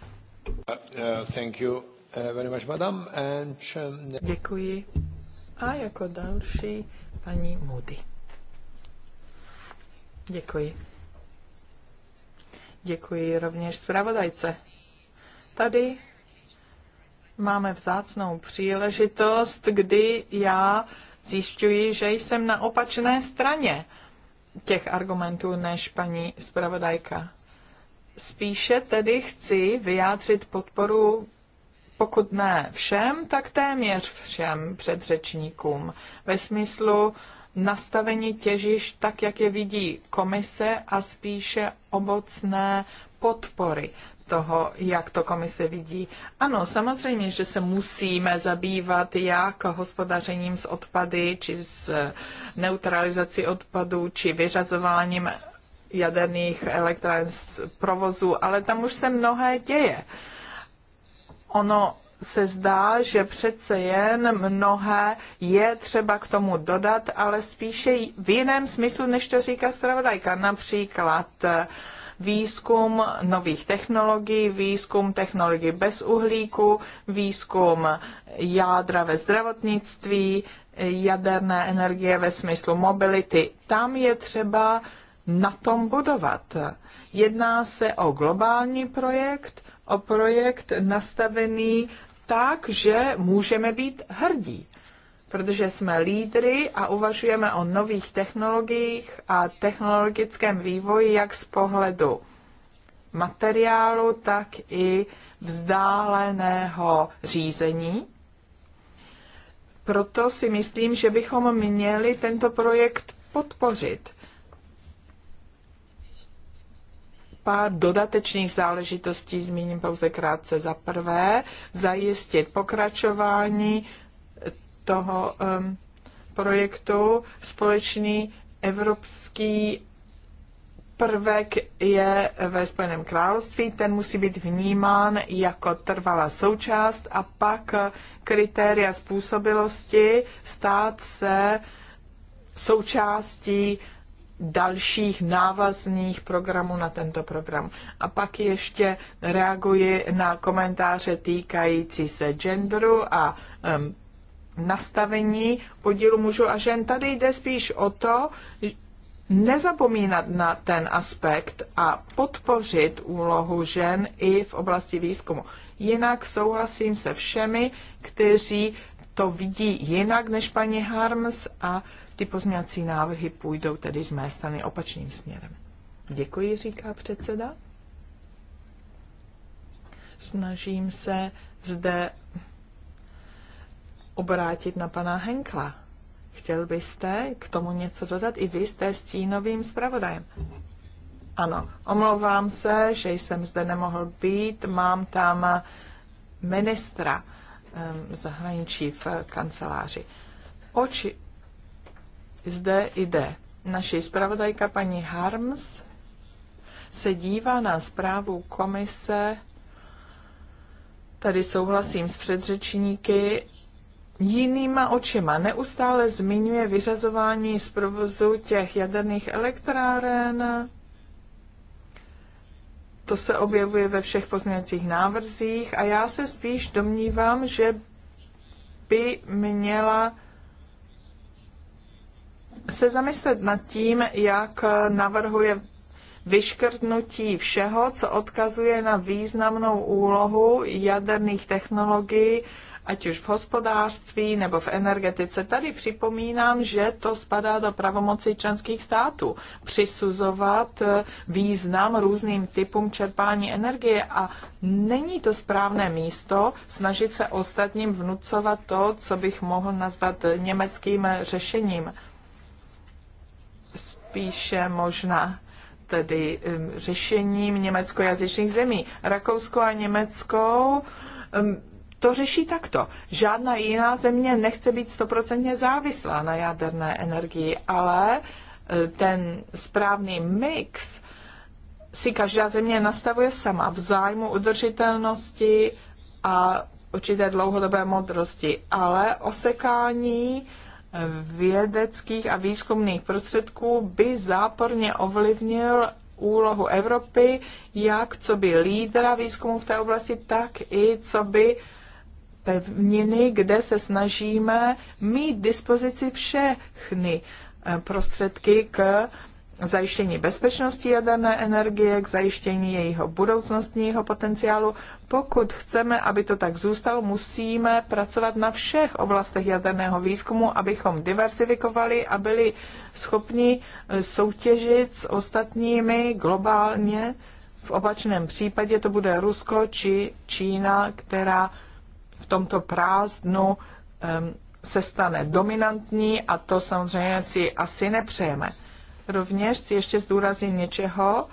Uh, uh, uh, um, Děkuji. A jako další paní Moody. Děkuji. Děkuji rovněž zpravodajce. Tady máme vzácnou příležitost, kdy já zjišťuji, že jsem na opačné straně těch argumentů než paní zpravodajka. Spíše tedy chci vyjádřit podporu pokud ne všem, tak téměř všem předřečníkům ve smyslu nastavení těžiš tak, jak je vidí komise a spíše obocné podpory toho, jak to komise vidí. Ano, samozřejmě, že se musíme zabývat jak hospodařením s odpady, či s neutralizací odpadů, či vyřazováním jaderných elektráren z provozu, ale tam už se mnohé děje ono se zdá, že přece jen mnohé je třeba k tomu dodat, ale spíše v jiném smyslu, než to říká zpravodajka. Například eh, výzkum nových technologií, výzkum technologií bez uhlíku, výzkum jádra ve zdravotnictví, jaderné energie ve smyslu mobility. Tam je třeba na tom budovat. Jedná se o globální projekt, o projekt nastavený tak, že můžeme být hrdí, protože jsme lídry a uvažujeme o nových technologiích a technologickém vývoji jak z pohledu materiálu, tak i vzdáleného řízení. Proto si myslím, že bychom měli tento projekt podpořit pár dodatečných záležitostí, zmíním pouze krátce. Za prvé, zajistit pokračování toho um, projektu. Společný evropský prvek je ve Spojeném království, ten musí být vnímán jako trvalá součást a pak kritéria způsobilosti stát se součástí dalších návazných programů na tento program. A pak ještě reaguji na komentáře týkající se genderu a um, nastavení podílu mužů a žen. Tady jde spíš o to, nezapomínat na ten aspekt a podpořit úlohu žen i v oblasti výzkumu. Jinak souhlasím se všemi, kteří to vidí jinak než paní Harms a ty pozměňovací návrhy půjdou tedy z mé strany opačným směrem. Děkuji, říká předseda. Snažím se zde obrátit na pana Henkla. Chtěl byste k tomu něco dodat? I vy jste stínovým zpravodajem. Ano, omlouvám se, že jsem zde nemohl být. Mám tam ministra ehm, zahraničí v kanceláři. Oči, zde jde. Naši zpravodajka paní Harms se dívá na zprávu komise. Tady souhlasím s předřečníky. Jinýma očima neustále zmiňuje vyřazování z provozu těch jaderných elektráren. To se objevuje ve všech pozměňovacích návrzích a já se spíš domnívám, že by měla se zamyslet nad tím, jak navrhuje vyškrtnutí všeho, co odkazuje na významnou úlohu jaderných technologií, ať už v hospodářství nebo v energetice. Tady připomínám, že to spadá do pravomoci členských států přisuzovat význam různým typům čerpání energie a není to správné místo snažit se ostatním vnucovat to, co bych mohl nazvat německým řešením spíše možná tedy um, řešením německojazyčných zemí. Rakousko a Německo um, to řeší takto. Žádná jiná země nechce být stoprocentně závislá na jaderné energii, ale uh, ten správný mix si každá země nastavuje sama v zájmu udržitelnosti a určité dlouhodobé modrosti, ale osekání vědeckých a výzkumných prostředků by záporně ovlivnil úlohu Evropy, jak co by lídra výzkumu v té oblasti, tak i co by pevniny, kde se snažíme mít dispozici všechny eh, prostředky k zajištění bezpečnosti jaderné energie, k zajištění jejího budoucnostního potenciálu. Pokud chceme, aby to tak zůstalo, musíme pracovat na všech oblastech jaderného výzkumu, abychom diversifikovali a byli schopni eh, soutěžit s ostatními globálně. V opačném případě to bude Rusko či Čína, která v tomto prázdnu um, se stane dominantní a to samozřejmě si asi nepřejeme. Rovněž si ještě zdůrazním něčeho,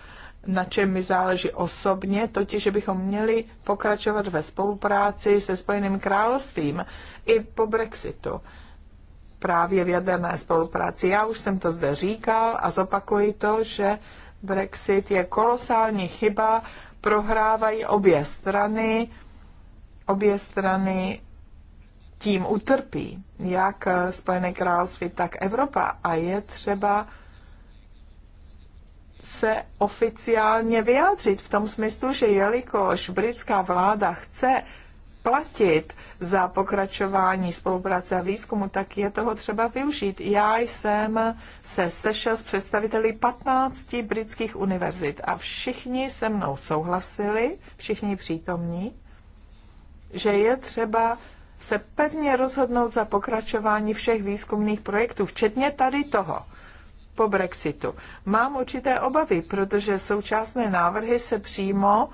na čem mi záleží osobně, totiž, že bychom měli pokračovat ve spolupráci se Spojeným královstvím i po Brexitu. Právě v jaderné spolupráci. Já už jsem to zde říkal a zopakuji to, že Brexit je kolosální chyba, prohrávají obě strany, obě strany tím utrpí, jak Spojené království, tak Evropa. A je třeba se oficiálně vyjádřit v tom smyslu, že jelikož britská vláda chce platit za pokračování spolupráce a výzkumu, tak je toho třeba využít. Já jsem se sešel s představiteli 15 britských univerzit a všichni se mnou souhlasili, všichni přítomní, že je třeba se pevně rozhodnout za pokračování všech výzkumných projektů, včetně tady toho po Brexitu. Mám určité obavy, protože současné návrhy se přímo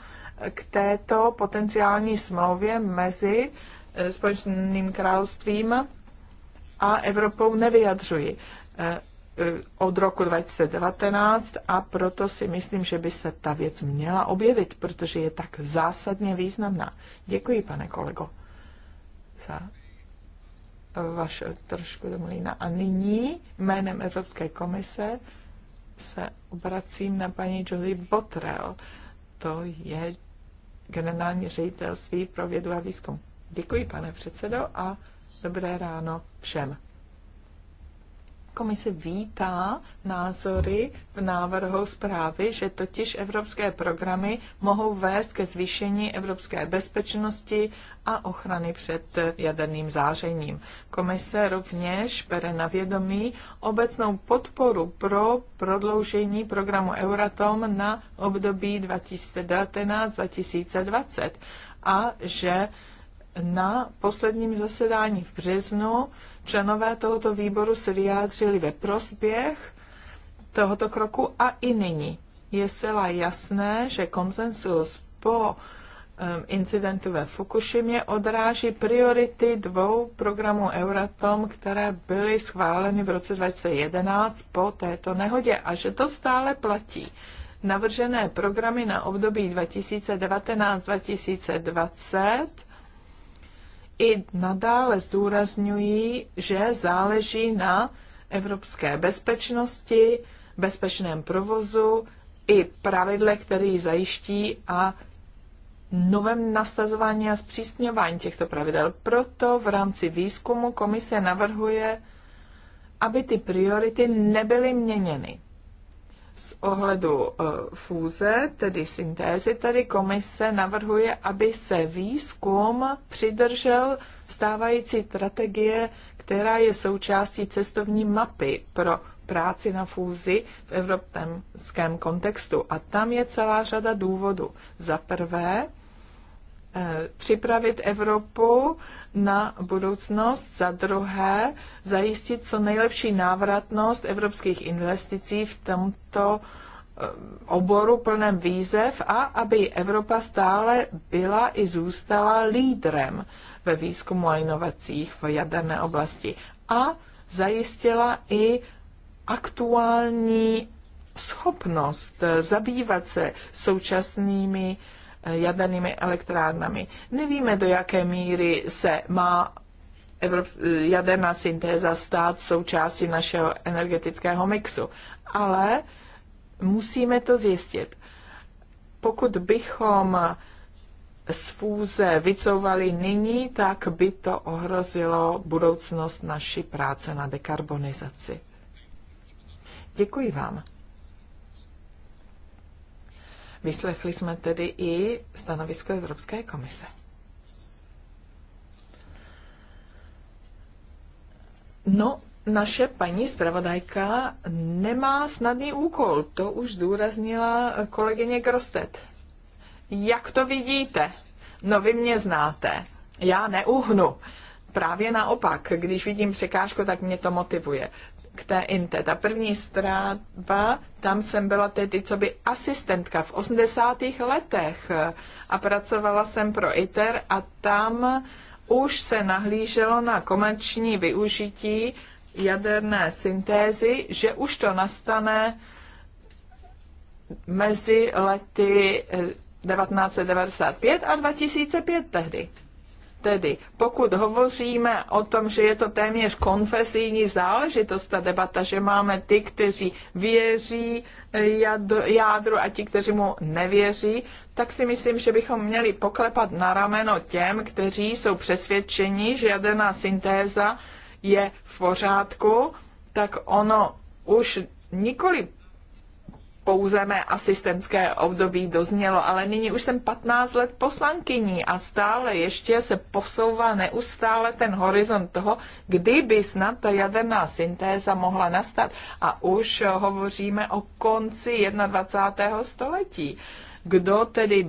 k této potenciální smlouvě mezi eh, Společným královstvím a Evropou nevyjadřují eh, eh, od roku 2019 a proto si myslím, že by se ta věc měla objevit, protože je tak zásadně významná. Děkuji, pane kolego, za vaše trošku do mlína. A nyní jménem Evropské komise se obracím na paní Julie Botrel. To je generální ředitelství pro vědu a výzkum. Děkuji, pane předsedo, a dobré ráno všem. Komise vítá názory v návrhu zprávy, že totiž evropské programy mohou vést ke zvýšení evropské bezpečnosti a ochrany před jaderným zářením. Komise rovněž bere na vědomí obecnou podporu pro prodloužení programu Euratom na období 2019-2020 a že na posledním zasedání v březnu Členové tohoto výboru se vyjádřili ve prospěch tohoto kroku a i nyní. Je zcela jasné, že konsensus po um, incidentu ve Fukushimě odráží priority dvou programů Euratom, které byly schváleny v roce 2011 po této nehodě a že to stále platí. Navržené programy na období 2019-2020 i nadále zdůrazňují, že záleží na evropské bezpečnosti, bezpečném provozu i pravidle, které ji zajiští a novém nastazování a zpřísňování těchto pravidel. Proto v rámci výzkumu komise navrhuje, aby ty priority nebyly měněny z ohledu e, fůze, tedy syntézy, tady komise navrhuje, aby se výzkum přidržel stávající strategie, která je součástí cestovní mapy pro práci na fúzi v evropském kontextu. A tam je celá řada důvodů. Za prvé, e, připravit Evropu na budoucnost, za druhé zajistit co nejlepší návratnost evropských investicí v tomto eh, oboru plném výzev a aby Evropa stále byla i zůstala lídrem ve výzkumu a inovacích v jaderné oblasti a zajistila i aktuální schopnost eh, zabývat se současnými Eh, jadernými elektrárnami. Nevíme, do jaké míry se má eh, jaderná syntéza stát součástí našeho energetického mixu, ale musíme to zjistit. Pokud bychom z fůze vycouvali nyní, tak by to ohrozilo budoucnost naší práce na dekarbonizaci. Děkuji vám. Vyslechli jsme tedy i stanovisko Evropské komise. No, naše paní zpravodajka nemá snadný úkol, to už zdůraznila kolegyně Grostet. Jak to vidíte? No vy mě znáte. Já neuhnu. Právě naopak, když vidím překážku, tak mě to motivuje k té INTE. Ta první stráva, tam jsem byla tedy co by asistentka v 80. letech a pracovala jsem pro ITER a tam už se nahlíželo na komerční využití jaderné syntézy, že už to nastane mezi lety 1995 eh, a 2005 tehdy. Tedy pokud hovoříme o tom, že je to téměř konfesijní záležitost, ta debata, že máme ty, kteří věří eh, jádru a ti, kteří mu nevěří, tak si myslím, že bychom měli poklepat na rameno těm, kteří jsou přesvědčeni, že jaderná syntéza je v pořádku, tak ono už nikoli pouze mé asistentské období doznělo, ale nyní už jsem 15 let poslankyní a stále ještě se posouvá neustále ten horizont toho, kdyby snad ta jaderná syntéza mohla nastat a už hovoříme o konci 21. století. Kdo tedy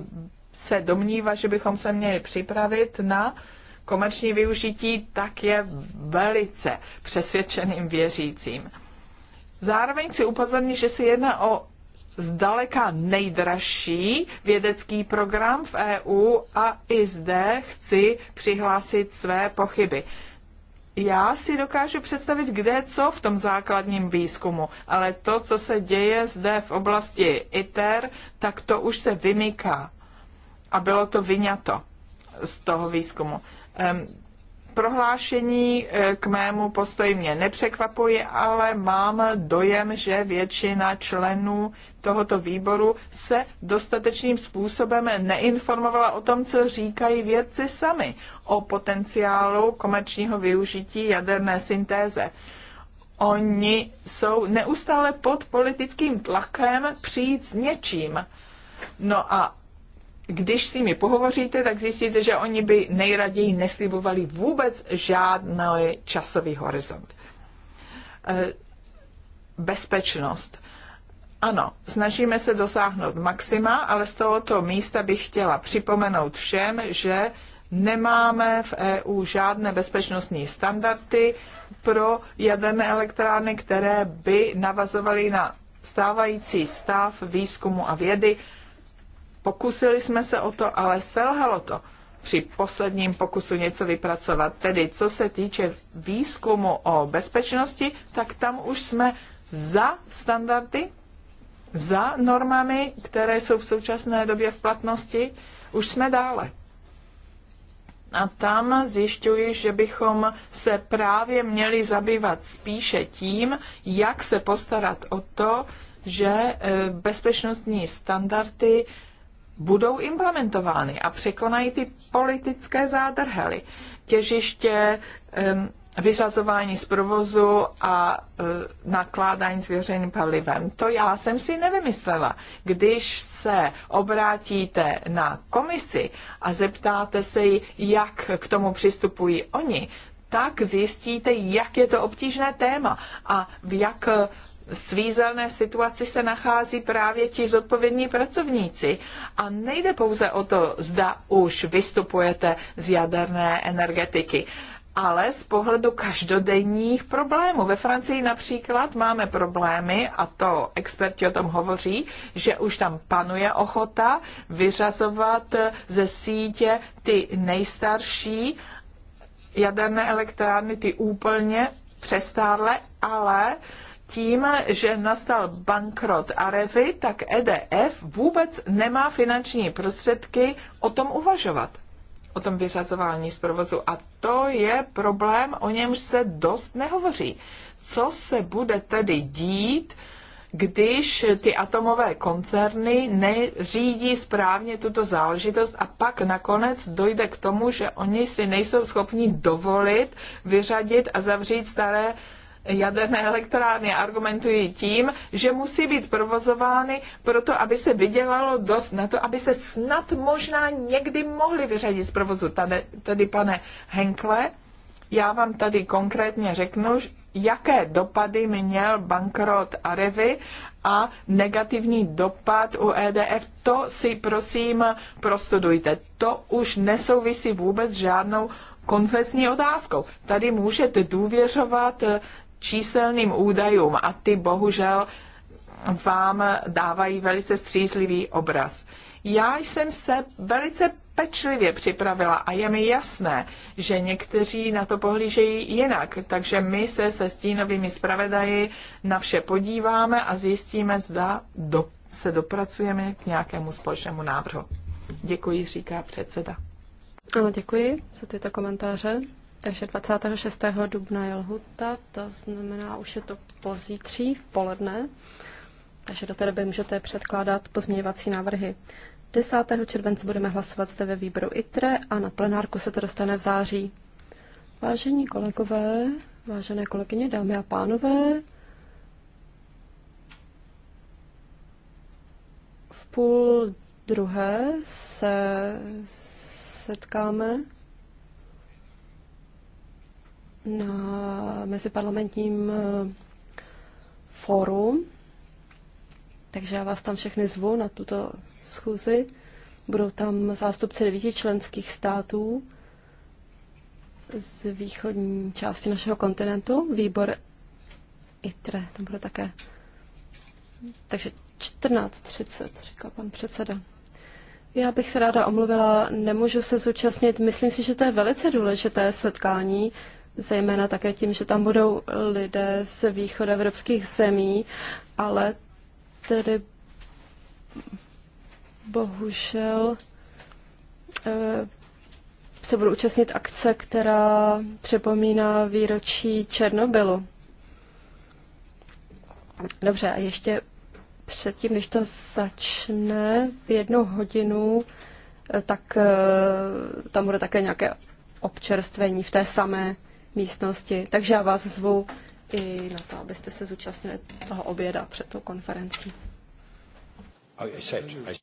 se domnívá, že bychom se měli připravit na komerční využití, tak je velice přesvědčeným věřícím. Zároveň chci upozornit, že se jedná o zdaleka nejdražší vědecký program v EU a i zde chci přihlásit své pochyby. Já si dokážu představit, kde co v tom základním výzkumu, ale to, co se děje zde v oblasti ITER, tak to už se vymyká. A bylo to vyňato z toho výzkumu prohlášení eh, k mému postoji mě nepřekvapuje, ale mám dojem, že většina členů tohoto výboru se dostatečným způsobem neinformovala o tom, co říkají vědci sami o potenciálu komerčního využití jaderné syntéze. Oni jsou neustále pod politickým tlakem přijít s něčím. No a když s nimi pohovoříte, tak zjistíte, že oni by nejraději neslibovali vůbec žádný časový horizont. Eh, bezpečnost. Ano, snažíme se dosáhnout maxima, ale z tohoto místa bych chtěla připomenout všem, že nemáme v EU žádné bezpečnostní standardy pro jaderné elektrárny, které by navazovaly na stávající stav výzkumu a vědy Pokusili jsme se o to, ale selhalo to při posledním pokusu něco vypracovat. Tedy co se týče výzkumu o bezpečnosti, tak tam už jsme za standardy, za normami, které jsou v současné době v platnosti, už jsme dále. A tam zjišťuji, že bychom se právě měli zabývat spíše tím, jak se postarat o to, že e, bezpečnostní standardy budou implementovány a překonají ty politické zádrhely. Těžiště vyřazování z provozu a e, nakládání s veřejným palivem. To já jsem si nevymyslela. Když se obrátíte na komisi a zeptáte se jí, jak k tomu přistupují oni, tak zjistíte, jak je to obtížné téma a v jak svízelné situaci se nachází právě ti zodpovědní pracovníci. A nejde pouze o to, zda už vystupujete z jaderné energetiky ale z pohledu každodenních problémů. Ve Francii například máme problémy, a to experti o tom hovoří, že už tam panuje ochota vyřazovat ze sítě ty nejstarší jaderné elektrárny, ty úplně přestárle, ale tím, že nastal bankrot Arevy, tak EDF vůbec nemá finanční prostředky o tom uvažovat o tom vyřazování z provozu. A to je problém, o němž se dost nehovoří. Co se bude tedy dít, když ty atomové koncerny neřídí správně tuto záležitost a pak nakonec dojde k tomu, že oni si nejsou schopni dovolit vyřadit a zavřít staré jaderné elektrárny argumentují tím, že musí být provozovány proto, aby se vydělalo dost na to, aby se snad možná někdy mohli vyřadit z provozu. Tady, tady pane Henkle, já vám tady konkrétně řeknu, jaké dopady měl bankrot Arevy a negativní dopad u EDF, to si prosím prostudujte. To už nesouvisí vůbec žádnou konfesní otázkou. Tady můžete důvěřovat číselným údajům a ty bohužel vám dávají velice střízlivý obraz. Já jsem se velice pečlivě připravila a je mi jasné, že někteří na to pohlížejí jinak, takže my se se stínovými zpravedaji na vše podíváme a zjistíme, zda do, se dopracujeme k nějakému společnému návrhu. Děkuji, říká předseda. Ano, děkuji za tyto komentáře. Takže 26. dubna je lhuta, to znamená, už je to pozítří v poledne, takže do té doby můžete předkládat pozměňovací návrhy. 10. července budeme hlasovat zde ve výboru ITRE a na plenárku se to dostane v září. Vážení kolegové, vážené kolegyně, dámy a pánové, v půl druhé se setkáme na meziparlamentním eh, fórum, takže já vás tam všechny zvu na tuto schůzi. Budou tam zástupci devíti členských států z východní části našeho kontinentu. Výbor ITRE tam bude také. Takže 14.30, říká pan předseda. Já bych se ráda omluvila, nemůžu se zúčastnit. Myslím si, že to je velice důležité setkání zejména také tím, že tam budou lidé z východoevropských zemí, ale tedy bohužel eh, se budou účastnit akce, která připomíná výročí Černobylu. Dobře, a ještě předtím, než to začne v jednu hodinu, eh, tak eh, tam bude také nějaké občerstvení v té samé místnosti. Takže já vás zvu i na to, abyste se zúčastnili toho oběda před tou konferencí. Oh,